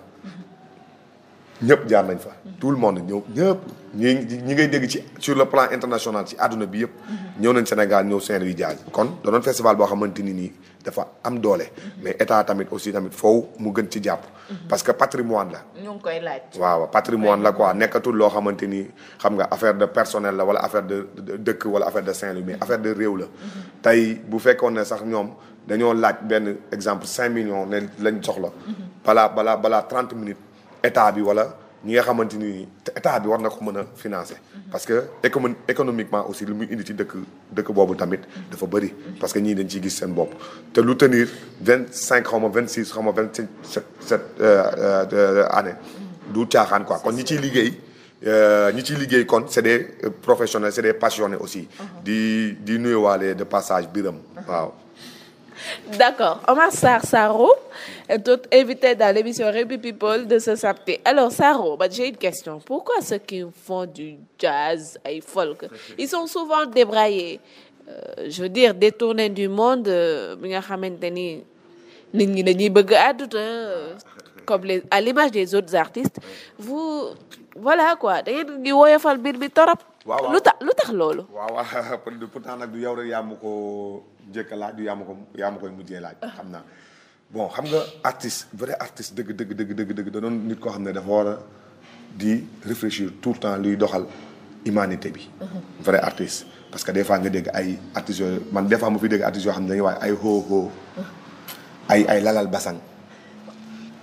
ñëpp jaar nañ fa tout le monde ñëw ñëpp ñi ñi ngay dégg ci sur le plan international ci àdduna bi yëpp ñëw nañ Sénégal ñëw seen louis jazz kon danoon festival boo xamante ni nii dafa am doole. mais état tamit aussi tamit foofu mu gën ci jàpp. parce que patrimoine la. ñu ngi koy laaj. waaw patrimoine la quoi nekkatul loo xamante ni xam nga affaire de personnel la wala affaire de dëkk wala affaire de Saint-Louis mais affaire de réew la. tey bu fekkoon ne sax ñoom dañoo laaj benn exemple cinq millions ne lañ soxla. Mhm. balaa balaa balaa trente minutes état bi wala. ñi nga xamante ni état bi war na ko mën a financer. parce que économ économiquement aussi li muy indi ci dëkk dëkk boobu tamit dafa bëri. parce que ñii dañ ciy gis seen bopp te lu tenir vingt cinq xaw ma vingt six xaw ma vingt sept sept euh, euh, année du caaxaan quoi kon ñi ciy liggéey. Euh, ñi ciy liggéey kon c' est des professionnels c' est des passionnés aussi. Uh-huh. di di nuyuwaale de passage biram uh-huh. waaw. D'accord. Omar Sarr Saro est autre invité dans l'émission Rémi People de ce samedi. Alors, Saro, bah, j'ai une question. Pourquoi ceux qui font du jazz et folk, ils sont souvent débraillés, euh, je veux dire, détournés du monde, euh, bi nga xamante ni nit ñi dañuy bëgg euh, comme à l'image des autres artistes. Vous, voilà quoi, da ngeen di woyofal mbir waaw lu tax lu tax loolu. waaw waaw pourtant nag du yow rek yaa ma ko njëkk a laaj du yaa ma ko yaa mu jee laaj. Ah. xam naa bon xam nga artiste vrai artiste dëgg dëgg dëgg dëgg dëgg da doon nit koo xam ne dafa war a di réfléchir tout le temps luy doxal humanité bi. Ah. vrai artiste parce que des fois nga dégg ay artistes yooyu man des fois mu fi dégg artistes yoo xam ne dañuy wax ay hoo ah. ay ay lalal basang.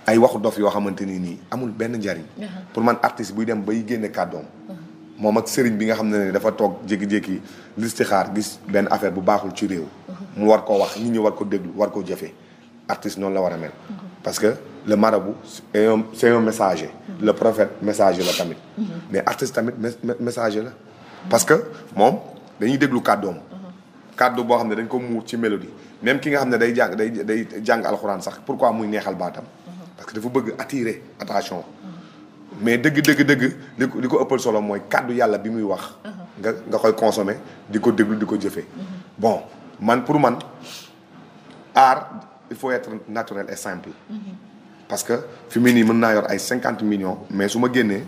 ay waxu dof yoo xamante ni nii amul benn njariñ. pour man artiste buy dem bay génne kàddoom. moom ak sëriñ bi nga xam ne dafa toog jékki-jékki xaar gis benn affaire bu baaxul ci réew. mu war ko wax nit ñi war ko déglu war ko jëfee artiste noonu la war a mel. parce que le marabout c'est un c'est le prophète messager la tamit. mais artiste tamit messager la. parce que moom dañuy déglu kàddoom. kàddu boo xam ne dañ ko muur ci mélodie même ki nga xam ne day jàng day day jàng alxuraan sax pourquoi muy neexal baatam. parce que dafa bëgg attirer attention. mais dëgg dëgg dëgg li ko li ko ëppal solo mooy kàddu yàlla bi muy wax. Uh-huh. nga nga koy consommer di ko déglu di ko jëfee. Uh-huh. bon man pour man art il faut être naturel et simple. Uh-huh. parce que fi mu nii mën naa yor ay cinquante millions mais su ma génnee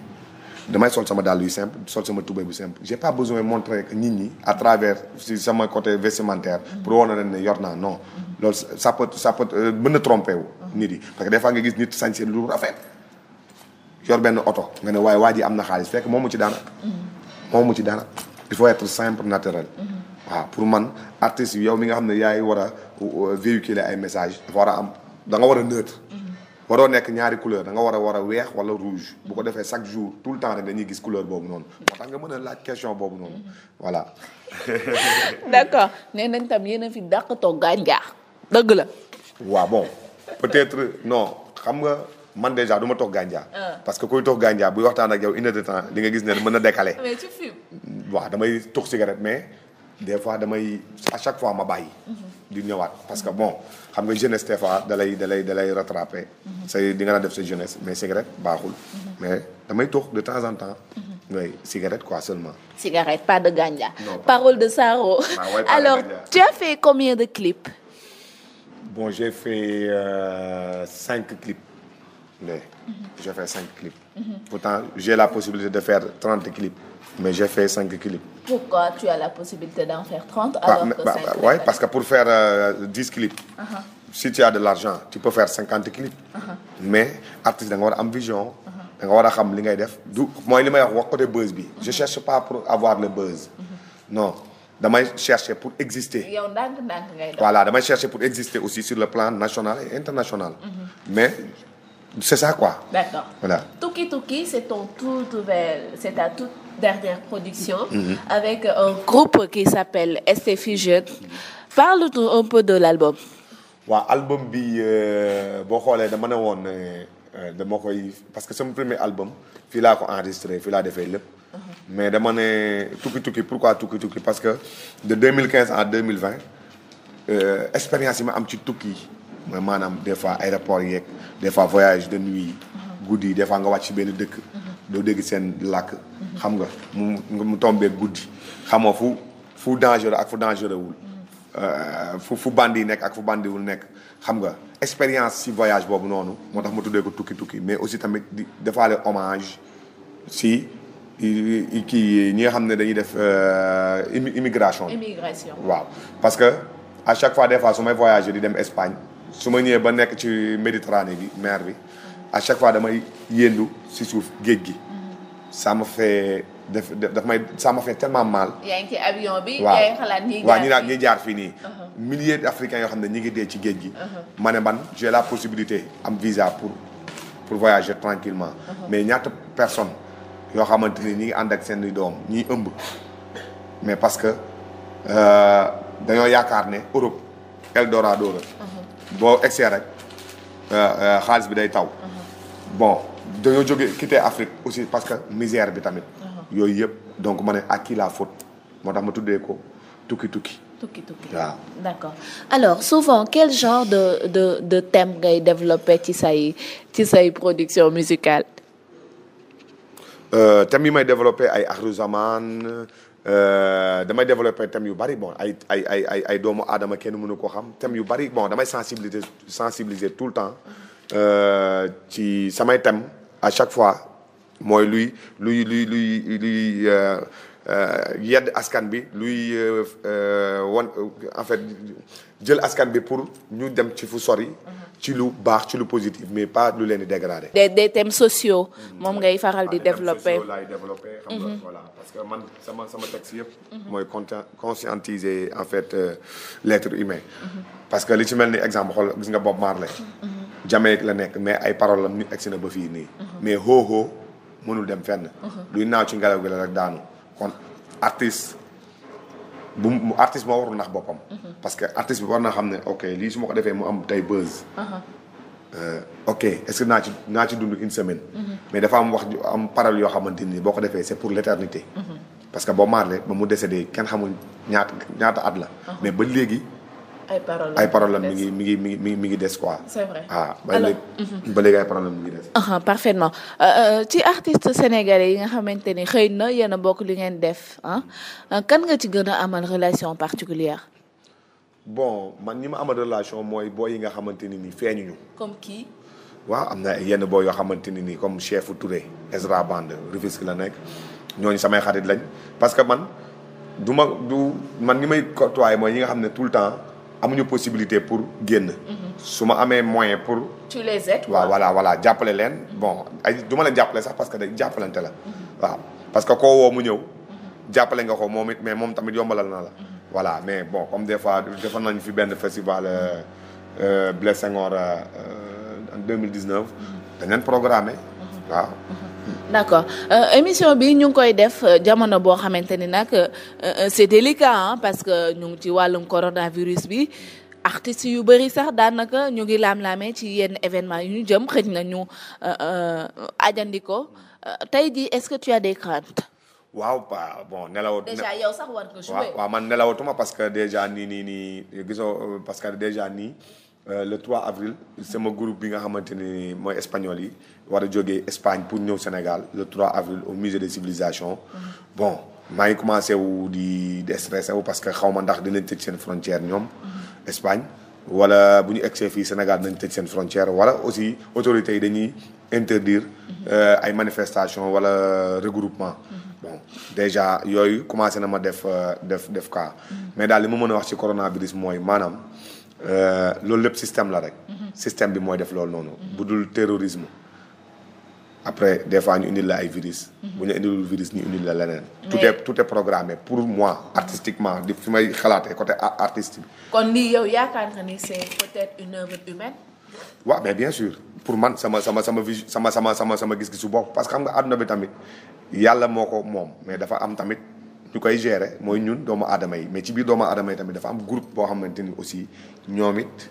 damay sol sama dàll yu simple sol sama tubéy bu simple j'ai pas besoin montrer que nit ñi à travers si sama côté vestimentaire pour woon na leen ne yor naa non loolu ça peut ça peut euh, mën na tromper wu. nit yi parce que des fois nga gis nit sañse lu yor benn oto nga ne waaye waa ji am na xaalis fekk moomu ci dara. Mm-hmm. moomu ci dara il faut être simple naturel. Mm-hmm. waaw pour man artiste yow mi nga xam ne yaay war a euh, véhiculer ay message dafa war a da nga a neutre. Mm-hmm. waroo nekk ñaari couleur da nga war a war a weex wala rouge bu ko defee chaque jour tout le temps rek dañuy gis couleur boobu noonu moo tax nga mën a laaj question boobu noonu voilà. d' accord nee nañ tam yéen a fi dàq toog gaañ gaax dëgg la. waaw bon peut-être non man déjà duma ma toog gàncax. Ah. parce que kuy toog gàncax buy waxtaan ak yow une de temps li nga gis ne mën na décaler. mais tu fumes. damay tux cigarette mais des fois damay à chaque fois ma bàyyi. Mhm. di ñëwaat parce que bon xam nga jeunesse des fois da lay da lay da lay rattraper. Mhm. say di nga la def sa jeunesse mais cigarette baaxul. Mhm. mais damay tux de temps en temps. oui cigarette quoi seulement. cigarette pas de ganja. non parole de Saro. Ah ouais, alors tu as fait combien de clips. bon j'ai fait euh, les. j'ai fait cinq clips. pourtant j'ai la possibilité de faire trente clips. mais j'ai fait cinq clips. pourquoi tu as la possibilité d'en faire trente. alors bah, que cinq bah, ouais, parce que pour faire euh, dix clips. Uh -huh. si tu as de l'argent tu peux faire cinquante clips. Uh -huh. mais artiste da nga war a am vision. Uh-huh. da nga war a xam li ngay def du mooy li may wax wax côté buzz bi. Uh-huh. je cherche pas pour avoir le buzz. Uh-huh. non. damay chercher pour exister. yow ndànk-ndànk ngay voilà damay chercher pour exister aussi sur le plan national et international. Mm -hmm. mais c'est ça quoi. D'accord. Voilà. Tuki Tuki, c'est ton tout nouvel, c'est ta toute dernière production mm-hmm. avec un groupe qui s'appelle STFI Jeune. Parle-nous un peu de l'album. album bi euh, boo xoolee dama ne woon euh, dama koy parce que sama premier album fii laa ko enregistré fii laa defee lépp. Mm-hmm. mais dama ne tukki tukki pourquoi tukki tukki parce que de 2015 à 2020 euh, expérience yi ma am ci tukki. mooy maanaam des fois aéroport yeeg des fois voyage de nuit yi guddi yi nga wàcc ci benn dëkk doo dégg seen làkk xam nga mu mu tombee guddi xamoo fu fu dangereux ak fu dangereux wul euh, fu fu bandi yi nekk ak fu bandi wul nekk xam nga expérience si voyage boobu noonu moo tax ma tuddee ko tukki tukki mais aussi tamit di defaale hommage si kii ñi nga xam ne dañuy def euh, immigration. immigration waaw parce que à chaque fois des fois su may voyager di dem Espagne. su ma ñëwee ba nekk ci Méditerranée bi maire bi à chaque fois damay yéendu si suuf géej gi. ça m'a fait def daf may ça m'a fait tellement mal. yaa ngi ci avion bi. jaar fii nii. Uh-huh. milliers d'Africains yoo xam ne ñi ngi dee ci géej gi. Uh-huh. ma ne man j'ai la possibilité am visa pour pour voyager tranquillement uh-huh. mais ñaata personne yoo xamante ni ñi ngi ànd seen di doom ñiy ëmb. mais parce que euh, dañoo yaakaar ne Europe Eldorado la. boo egsee rek euh, euh, xaalis bi day taw. Uh-huh. bon dañoo jógee quitté Afrique aussi parce que misère bi tamit. Uh-huh. yooyu yëpp donc ma ne à qui moo tax ma tuddee ko tukki tukki. tukki tukki waaw d'accord alors souvent quel genre de de de thème ngay développer ci say ci say production musicale. Euh, thème yi may développé ay axru Euh, damay développé thèmes yu bari bon ay ay ay ay ay doomu aadama kenn mënu ko xam thèmes yu bari bon damay sensibiliser sensibiliser tout le temps euh, ci samay thèmes à chaque fois mooy luy luy luy luy luy euh, Euh, yedd askan bi luy euh, wan euh, en jël askan bi pour ñu dem ci fu sori. Mhm. ci lu baax ci lu positif mais pas lu leen di dégradé. des des sociaux. Mhm. moom ngay faral di ah, développé laay développé. xam nga mhm. parce que man sama sama texte yëpp. mooy conscientiser en fait l'être humain. parce que li ci mel ni exemple xool gis nga Bob Marley. Jamaïque la nekk mais ay paroles la ñu egsi na ba fii nii. mais hoo mënul dem fenn. luy naaw ci ngelaw bi la rek daanu. kon artiste bu mu artiste moo warul nax boppam. Mhm. parce que artiste bi war na xam ne ok lii su ma ko defee mu am tey buzz. Uh-huh. Euh, ok est-ce que naa ci naa dund une semaine. Mhm. mais dafa am wax am parole yoo xamante ni boo ko defee c'est pour l'éternité. Mhm. parce que boo maarle ba mu décédé kenn xamul ñaata ñaata at la. Uh-huh. mais ba léegi. ay paroles ay paroles mi ngi mi ngi mi ngi ngi des quoi. c'est ah, ba léegi mm-hmm. ba léegi ay mi ngi des. Ah, ah, parfaitement euh, euh, ci artiste sénégalais yi nga xamante ni xëy na yenn a bokk li ngeen def ah kan nga ci gën a amal relation particulière bon man ñi ma amal relation mooy boo yi nga xamante ni nii feeñuñu. comme kii. waaw am na yenn boo yoo xamante ni nii comme chef Touré Ezra Bande Rufisque la nekk ñooñu samay xarit lañ parce que man du ma du man ñi may côtoyer mooy ñi nga xam ne tout le temps. amuñu possibilité pour génn. Mm-hmm. su ma amee moyen pour. tu les aides waaw voilà voilà jàppale leen mm-hmm. bon ay du ma leen jàppale sax parce que day jàppalante la. Mm-hmm. waaw parce que koo woo mu ñëw. jàppale nga ko moom it mais moom tamit yombalal na la. voilà mais bon comme des fois defoon nañu fi benn festival euh, euh, Blaise Senghor euh, en deux mille dix neuf. dañ leen waaw. d'accord euh, émission bi ñu ngi koy def euh, jamono boo xamante ni nag euh, euh, c'est délicat hein, parce que ñu ngi ci wàllum coronavirus bi artistes yu bëri sax daanaka ñu ngi laam-laamee ci yenn événement yu ñu jëm xëj na ñu ajandi ko tey jii est-ce que tu as des craintes. waaw bon nelaw. déjà yow sax war nga waaw man nelawatuma parce que déjà nii nii nii parce que déjà nii le trois avril sama groupe bi nga xamante ni mooy espagnol yi. war a jógee Espagne pour ñëw Sénégal le trois avril au musée des civilisations bon maa ngi commencé wu di di wu parce que xaw ma ndax dinañ tëj seen frontière ñoom Espagne wala bu ñu egsee fii Sénégal nañ tëj seen frontière wala aussi autorité yi dañuy interdire euh, ay manifestation wala regroupement bon déjà yooyu commencé na ma def euh, def def cas mais daal li ma mën a wax ci coronavirus mooy maanaam euh, loolu lépp système la rek système bi mooy def loolu noonu bu dul terrorisme après des fois ñu indil la ay virus. Mhm. bu ñu indilul virus ñu indil la leneen. toute est pour moi artistiquement di fi may xalaatee côté artiste bi. kon lii yow yaakaar nga ni c'est peut-être une pour man sama sama sama vis sama sama sama sama gis-gisu bopp parce que xam nga àdduna bi tamit yàlla moo ko moom mais dafa am tamit ñu koy gérer mooy ñun doomu adama yi mais ci biir doomu aadama yi tamit dafa am groupe boo xamante ni aussi ñoom it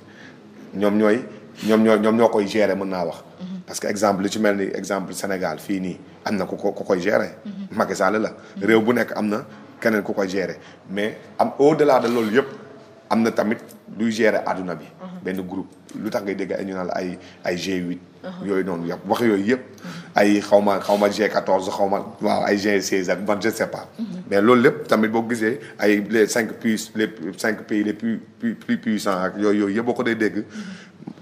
ñoom ñooy. ñoom ñoo ñoom ñoo koy gérer mën naa wax. parce que exemple li ci mel ni exemple Sénégal fii nii am na ku ko ku koy gérer. Macky la réew bu nekk am na keneen ku koy gérer mais am au de loolu yëpp am na tamit luy gérer àdduna bi. benn group lu tax ngay dégg ay ñu naan la ay ay G8. yooyu noonu yëpp wax yooyu yëpp. ay xaw ma xaw ma G14 xaw ma waaw ay G16 ak man je ne mais loolu lépp tamit boo gisee ay les cinq puces les cinq pays les plus plus plus ak yooyu yooyu yëpp boo ko dee dégg.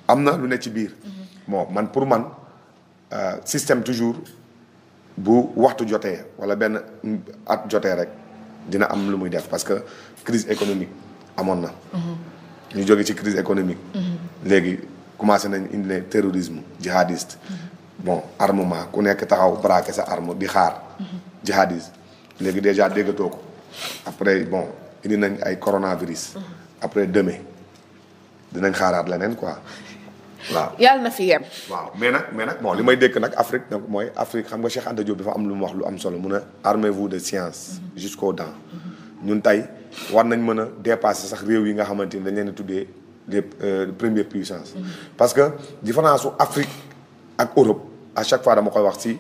am na lu ne ci biir. moo mhm. man pour man euh, système toujours bu waxtu jotee wala benn ak jotee rek dina am lu muy def parce que crise économique amoon na. Mhm. ñu jóge ci crise économique. Mhm. léegi commencé nañ indi ne terrorisme jihadiste. bon armement ku nekk taxaw braqué sa arme di xaar. jihadiste léegi déjà déggatoo ko après bon indi nañ ay coronavirus. après demee. dinañ xaaraat leneen quoi waaw. yàlla na fi yem. waaw mais nag mais nag bon li may dégg nag Afrique nag mooy Afrique xam nga Cheikh Anta bi dafa am lu mu wax lu am solo mun a armez-vous de science. jusqu'aux dents. ñun tey war nañ mën a dépasser sax réew yi nga xamante ni dañ leen a tuddee euh, les premières puissances. parce que différence su Afrique ak Europe à chaque fois dama koy wax si.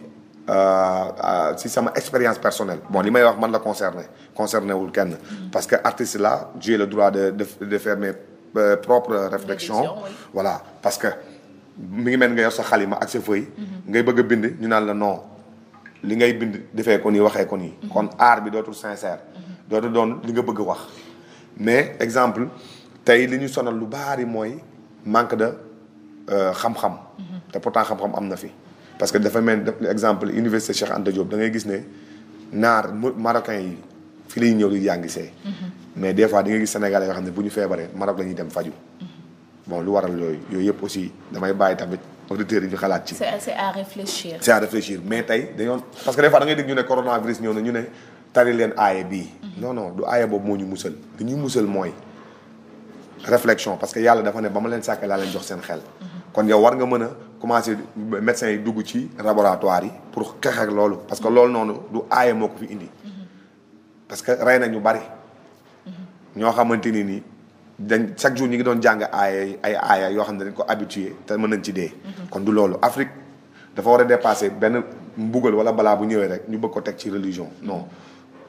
Euh, euh, si sama expérience personnelle bon li may wax man la concerné concerné wul kenn parce que artiste là j'ai le droit de de de Euh, propre réflexion voilà parce que mu ngi mel nga yor sa xalima ak sa feuille mhm. ngay bëgg a bind ñu naan la non li ngay bind defee ko nii waxee ko nii mhm. kon aar bi dootul sincère mhm. dootul doon li nga bëgg wax mais exemple tey li ñu sonal lu baari mooy manque de euh, xam-xam te pourtant xam-xam am na fi parce que dafa mel ni exemple université Cheikh Anta Diop da ngay gis ne naar marocain yi fi lay ñëw di jàngisee mais des fois di nga gis sénégalais yoo xam ne bu ñu feebaree Maroc la ñuy dem faju bon lu waral yooyu yooyu yëpp aussi damay bàyyi tamit auditeurs yi ñu xalaat ci. c'est à réfléchir. mais tey dañoo parce que des fois da ngay dégg ñu ne coronavirus ñëw na ñu ne tari leen aaye bii. Mm-hmm. non non du aaye boobu moo ñu musal li ñuy musal mooy réflexion parce que yàlla dafa ne ba ma leen sàkkee laa leen jox seen xel. Mm-hmm. kon yow war nga mën a commencer médecins yi dugg ci laboratoire yi pour xeex loolu parce que loolu noonu du aaye moo ko fi indi mm-hmm. parce que rey na ñu bari. ñoo xamante ni nii dañ chaque jour ñu ngi doon jàng aaya ay yoo xam ne dañ ko habitué te mën nañ ci dee. Mm-hmm. kon du loolu Afrique dafa war a dépasser benn mbugal wala balaa bu ñëwee rek ñu bëgg ko teg ci religion non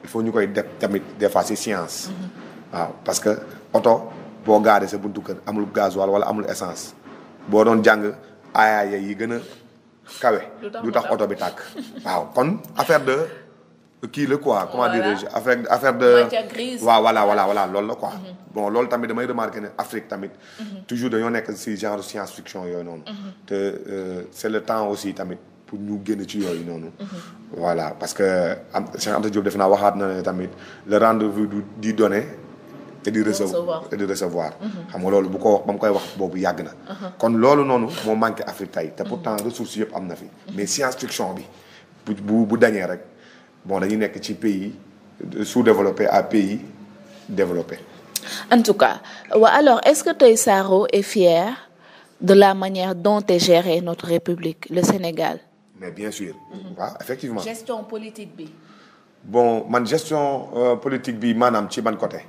il faut ñu koy def tamit des fois ci science. Mm-hmm. waaw parce que oto boo gaaree sa buntu kër amul gasoil wala amul essence boo doon jàng aaya yi gën a kawe. du tax oto bi tàkk waaw kon affaire de. kii la quoi comment dirais-je affaire affaire de matière la quoi mhm. bon loolu tamit damay remarquer ne Afrique tamit mhm. toujours dañoo nekk ci genre science fiction yooyu noonu mhm. te euh, c'est le temps aussi tamit pour ñu génn ci yooyu noonu voilà parce que am Cheikh Anta Diop def waxaat na ne tamit le rendez-vous du donner et di recevoir et di recevoir xam loolu bu ko wax ba koy wax boobu yàgg na kon loolu noonu moo manqué Afrique tey te pourtant ressources yëpp am na fi mais science fiction bi bu bu dañee rek bon dañu nekk ci pays sous-développé à pays développé. en tout cas waa alors est-ce que tey Saro est fier de la manière dont est gérée notre république le Sénégal. mais bien sûr. waaw mmh. effectivement gestion politique bi. bon man gestion euh, politique bi maanaam ci ban côté.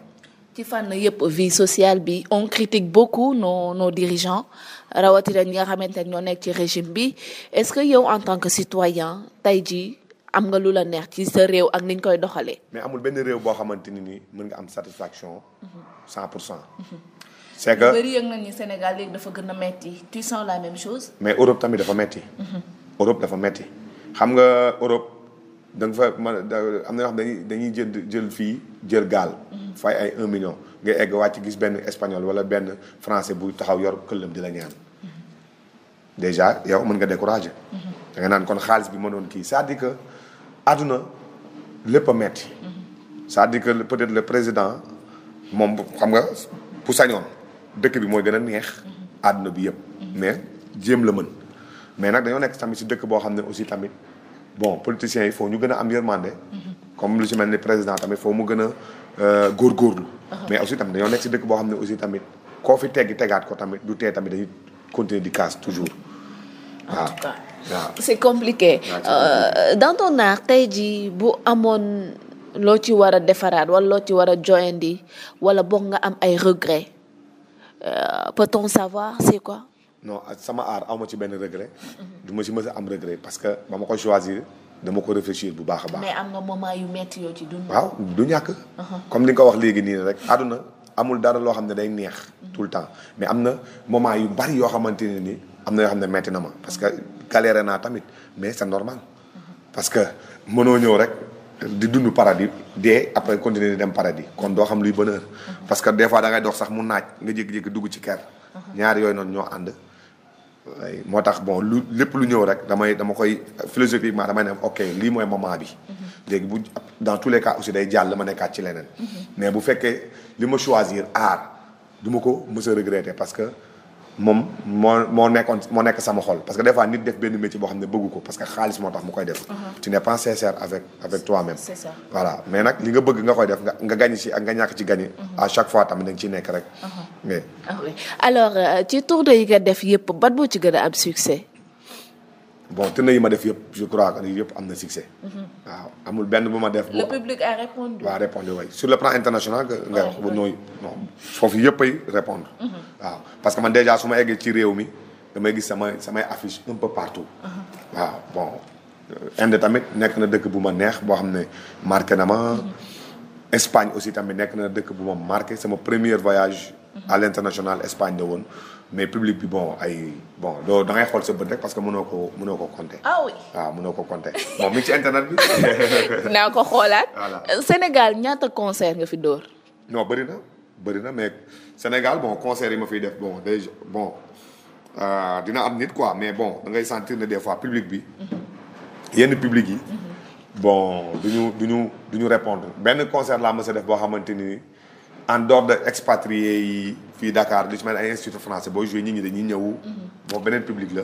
ci fànn yëpp vie sociale bi on critique beaucoup nos nos dirigeants rawatina ñi nga xamante ne ñoo nekk ci régime bi est-ce que yow en tant que citoyen tey jii am nga lu la neex ci sa réew ak niñ koy doxalee. mais amul benn réew boo xamante ni nii mën nga am satisfaction. 100 mhm. pour cent. Mhm. c' est que bëri yëg nañ ni Sénégal dafa gën a metti tu sens la mais Europe tamit dafa metti. Mhm. Europe dafa metti xam nga Europe da nga fa man am na yoo xam dañuy dañuy jël fii jël gaal. fay ay 1 million nga egg wàcc gis benn espagnol wala benn français bu taxaw yor këllam di la ñaan. déjà yow mën nga découragé. da nga naan kon xaalis bi ma doon kii cest àdduna lépp a metti c'est-à-dire que peut-être le président moom xam nga bu sañoon dëkk bi mooy gën a neex àdduna bi yëpp mais jéem la mën mais nag dañoo nekk tamit si dëkk boo xam ne aussi tamit bon politiciens yi foo ñu gën a am yërmande comme lu si mel ni président tamit foo mu gën a euh, góorgóorlu mais aussi tamit dañoo nekk si dëkk boo xam ne aussi tamit koo fi teggi tegaat ko tamit du tee tamit dañuy continuer di casse toujours waaw c'est compliqué euh, dans ton art tey jii bu amoon loo ci war a defaraat wala loo ci war a di wala boog nga am ay regret euh, peut-on savoir c'est quoi non sama art awma ci benn regret du ma ci mës a am regret parce que ba ma ko choisir dama ko réfléchir bu baax a baax. mais am na moment yu métti yoo ci dund. waaw du ñàkk. Uh-huh. comme li nga ko wax léegi nii rek àdduna amul dara loo xam ne day neex. tout le temps mais am na moment yu bari yoo xamante ne nii am na yoo xam ne métti na parce que. galéré naa tamit mais c'est normal parce que mënoo ñëw rek di dund paradis de après continuer di dem paradis kon doo xam luy bonheur parce que des fois da ngay dox sax mu naaj nga jékki-jékki dugg ci kër ñaar yooyu noonu ñoo ànd moo tax bon lu lépp lu ñëw rek damay dama koy philosophiquement damay ne ok lii mooy moment bi léegi bu dans tous les cas aussi ma nekkaat ci leneen mais bu fekkee li ma choisir art du ma ko mës a regretter moom moo moo nekkoon moo nekk sama xol parce que des fois nit def benn métier boo xam ne bëgg ko parce que xaalis moo tax mu koy def. Uh-huh. tu n'es pas sincère avec avec toi-même. li nga bëgg nga koy def nga nga ci ak nga ñàkk uh-huh. chaque fois tamit da nekk rek. Uh-huh. Ah alors euh, ci tournée yi nga def yëpp ban moo ci gën a am succès. bon tënne yi ma def yëpp je crois que yëpp am na succès. Mhm. waaw amul benn bu ma def. le public a répondu. waaw répondu waay sur le plan international. nga wax ba nooy non foofu yëpp ay répondre mhm. waaw parce que man déjà su ma eggee ci réew mi damay gis samay samay affiche un peu partout. Mhm. waaw bon euh, Inde tamit nekk na dëkk bu ma neex boo xam ne marqué na ma. Espagne aussi tamit nekk na dëkk bu ma marqué sama premier voyage. à l' Espagne de woon. mais public bi bon ay bon doo da ngay xool sa bët rek parce que mënoo ko mënoo ko compter. ah oui waaw mënoo ko conté bon mi ngi ci internet bi. naa ko xoolaat. Sénégal ñaata concert nga fi dóor. non bëri na bëri na mais Sénégal bon concert yi ma fiy def bon déjà bon euh, dina am nit quoi mais bon da ngay sentir ne des fois public bi. Mm-hmm. yenn public yi. Mm-hmm. bon du ñu du ñu du répondre benn concert laa mës a def boo xamante ni en dehors de expatrié yi. fii Dakar li ci mel ay institut français booy joué nit ñi dañuy ñëw. moom beneen public la.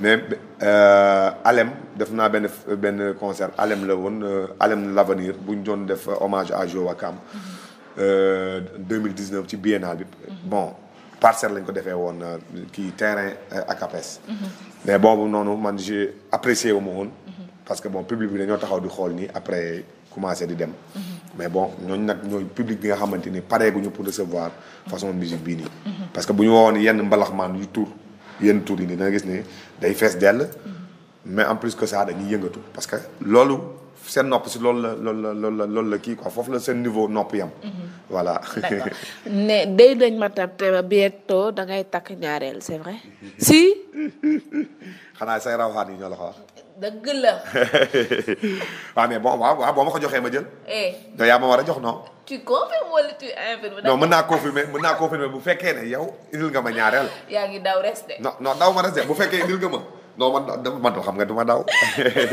mais euh, Alem def naa benn benn concert Alem la woon euh, Alem l'avenir bu ñu doon def euh, hommage à Joe Wakam. 2019 mm-hmm. ci biennale bi. Mm-hmm. bon parcelle lañ ko defee woon kii terrain ak APES. Mm-hmm. mais boobu noonu man j'ai apprécié wu ma woon. parce que bon public bi dañoo taxaw di xool nii après. commencé di dem. mais bon ñooñu nag ñooy public bi nga xamante ni pareeguñu pour recevoir façon musique bii nii. parce que bu ñu woowoon yenn mbalaxmaan yu tur yenn tur yi nii danga gis ne day fees dell. mais en plus que ça dañuy yëngatu parce que loolu seen nopp si loolu la loolu la loolu la loolu la kii quoi foofu la seen niveau nopp yam voilà. d'accord mais day dañ ma tam te bientôt da ngay takk ñaareel c'est vrai si. xanaa say rawxaan yi ñoo la wax. dëgg la. waaw mais bon waaw waaw boo ma ko joxee ma jël. non eh. yaa ma war a jox non. tu confirmes wala tu mën naa confirmer mën naa confirmer bu fekkee ne yow indil nga ma ñaareel. yaa ngi daw res de. non non daw ma res de bu fekkee indil nga ma. non man man xam nga du ma daw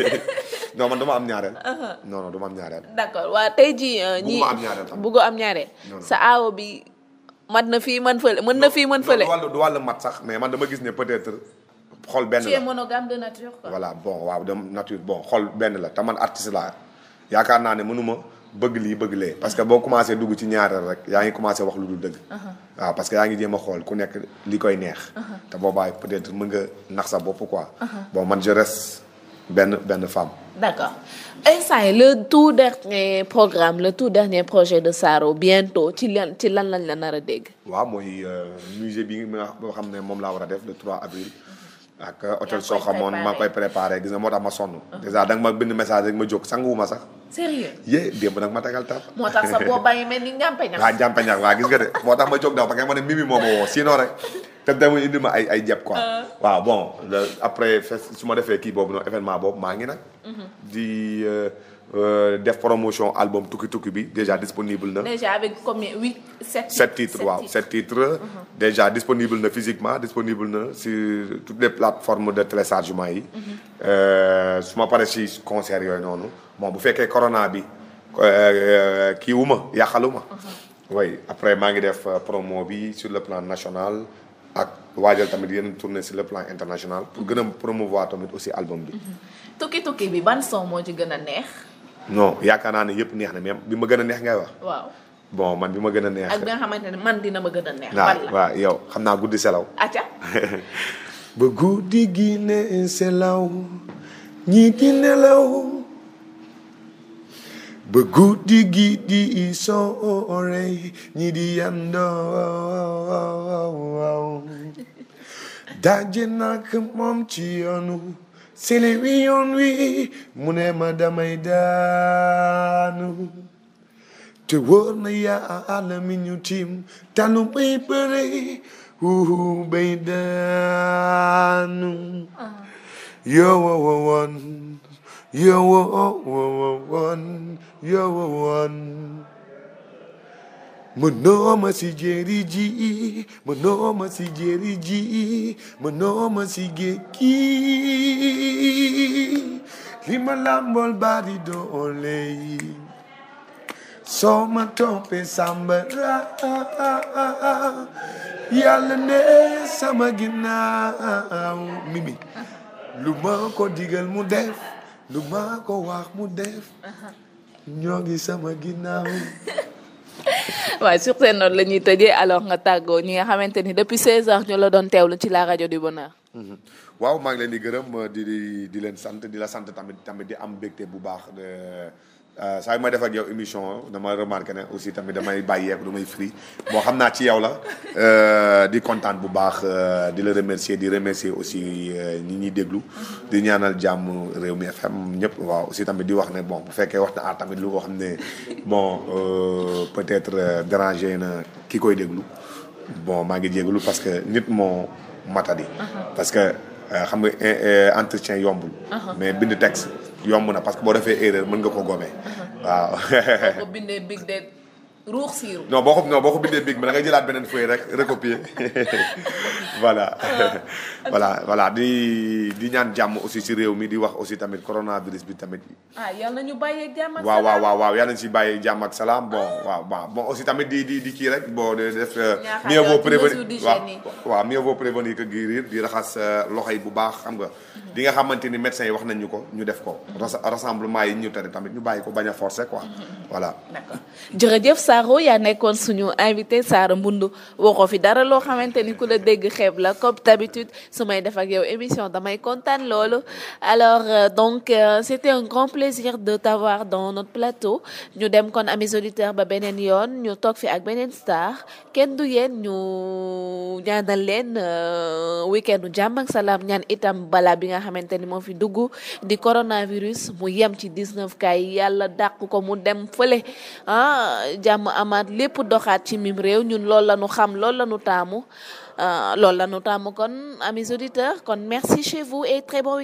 non man du ma am ñaareel. Uh-huh. non du am ñaareel. d'accord waa tey jii. Euh, ñii bëgguma am ñaareel tam bëggoo am ñaareel. sa aawo bi mat na fii man fële mën na fii man fële. du wàllu du wàllu mat sax mais man dama gis ne peut-être. xol benn la tu es monogame de nature quoi. waaw de nature bon xol benn la te man artiste laa yaakaar naa ne mënuma bëgg lii bëgg parce que boo commencé dugg ci ñaareel rek ngi commencé wax lu dul dëgg. Uh-huh. waaw parce que yaa ngi jéem a xool ku nekk li koy neex. Uh-huh. te boobaay peut-être mën nga nax sa bopp quoi. Uh-huh. bon man je benn benn femme. d'accord instant le tout dernier programme le tout dernier projet de Saro bientôt ci lan ci lan lañ la nar a dégg. waaw mooy euh, musée bi nga xam ne moom laa war a def le 3 avril. ak uh, hôtel soo xamoon maa koy préparé gis nga moo tax ma sonn. Uh-huh. dèjà da nga ma bind message rek ma jóg sanguwuma sax. sérieux yé démb nag ma tegal tab. moo tax sax boo bàyyi mel ni njàmpeñax. gis nga de moo tax ma jóg daw parce que ma ne mimi moo ma woo sinon rek. te tamit indi ma ay ay jàpp quoi. Uh-huh. waaw bon après su ma defee kii boobu noonu événement boob maa ngi nag. Mm-hmm. di. Euh, Euh, def promotion album tukki tukki bi déjà disponible na. déjà avec combien huit sept. waaw sept titres. Mhm. déjà disponible na physiquement disponible na sur toutes les plateformes de téléchargement yi. Mhm. Euh, su ma paree si concert yooyu noonu bon bu fekkee corona bi euh, kii wu ma ma. Mhm. oui après maa ngi def promo bi su le plan national ak waajal tamit yenn tournée sur le plan international pour gën a promouvoir tamit aussi album bi. tukki tukki bi ban moo ci gën a neex. non yaakaar naa ne yëpp neex na même bi ma gën a neex ngay wax. man bi ma gën a neex. nga xamante ne man dina ma gën a neex. waaw waaw yow xam naa guddi selaw. acca. ba guddi gi ne selaw ñi di nelaw ba guddi gi di soore ñi di yandoo daje nak moom ci yoonu. sili wi yoon wi ne ma damay daanu te wóor na yaa àll mi tiim tànnu bay bëre uhu bay daanu yowo woon yowo woon yowo woon mënoo ma si jéeri ji mënoo ma si jéeri ji mënoo si géej gi li ma doole yi soo ma toppee sàmbara yàlla sama ginnaaw mimi lu ma ko digal mu def lu ma ko wax mu def uh-huh. ñoo ngi sama ginnaaw waaye sur ces notes la ñuy tëjee alors nga tàggoo ñi nga xamante ni depuis 16 heures ñu la doon teew teewlu ci la rajo du bonheur. Mhm. waaw maa ngi leen di gërëm di di di leen sant di la sant tamit tamit di am mbégte bu baax. Euh, saa yu may def ak émission dama remarqué ne aussi tamit damay bàyyeeku damay free moo xam naa ci yow la euh, di kontaan bu baax euh, di la remercier di remercier aussi ñi ñuy déglu di ñaanal jàmm réew mi FM ñëpp waaw aussi tamit di wax ne bon bu fekkee wax na ah tamit lu ko xam ne bon peut-être déranger na ki koy déglu bon maa ngi jégalu parce que nit moo matadi uh-huh. parce que xam nga entretien yombul uh-huh. mais bind texte yomb na parce que boo defee erreur mën nga ko gomee uh-huh. waaw. boo bindee big de boo ko non boo ko ma da ngay jëlaat beneen feuille rek recopier voilà. Uh, voilà voilà di di ñaan jàmm aussi si réew mi di wax aussi tamit coronavirus bi tamit. ah yal na ñu bàyyee jàmm ak salaam si bàyyee jàmm ak salaam bon ah. waaw aussi tamit di di di kii rek bon de def. Euh, prévenir waaw waaw mieux prévenir que guérir di raxas euh, loxo yi bu baax xam nga. li nga xamante ni médecins wax nañ ñu ko ñu def ko. Mm-hmm. rassemblement yi ñu tere tamit ñu bàyyi ko bañ a forcer quoi. Mm-hmm. voilà d'accord jërëjëf Sakho yaa nekkoon suñu invité Sara Mbundu waxoo fi dara loo xamante ni ku la dégg xeeb la comme d'habitude su may def ak yow émission damay kontaan loolu. alors euh, donc euh, c'était un grand plaisir de t'avoir dans notre plateau ñu dem kon amis auditeurs ba beneen yoon ñu toog fi ak beneen star kenn du yen ñu ñaanal leen euh, week-end jàmm ak salaam xamante ni moo fi dugg di coronavirus mu yem ci 19 cas yi yàlla dàq ko mu dem fële ah jàmm amaat lépp doxaat ci mim réew ñun lool la ñu xam lool la ñu taamu ah, loolu la ñu taamu kon amis auditeurs kon merci chez vous et très bon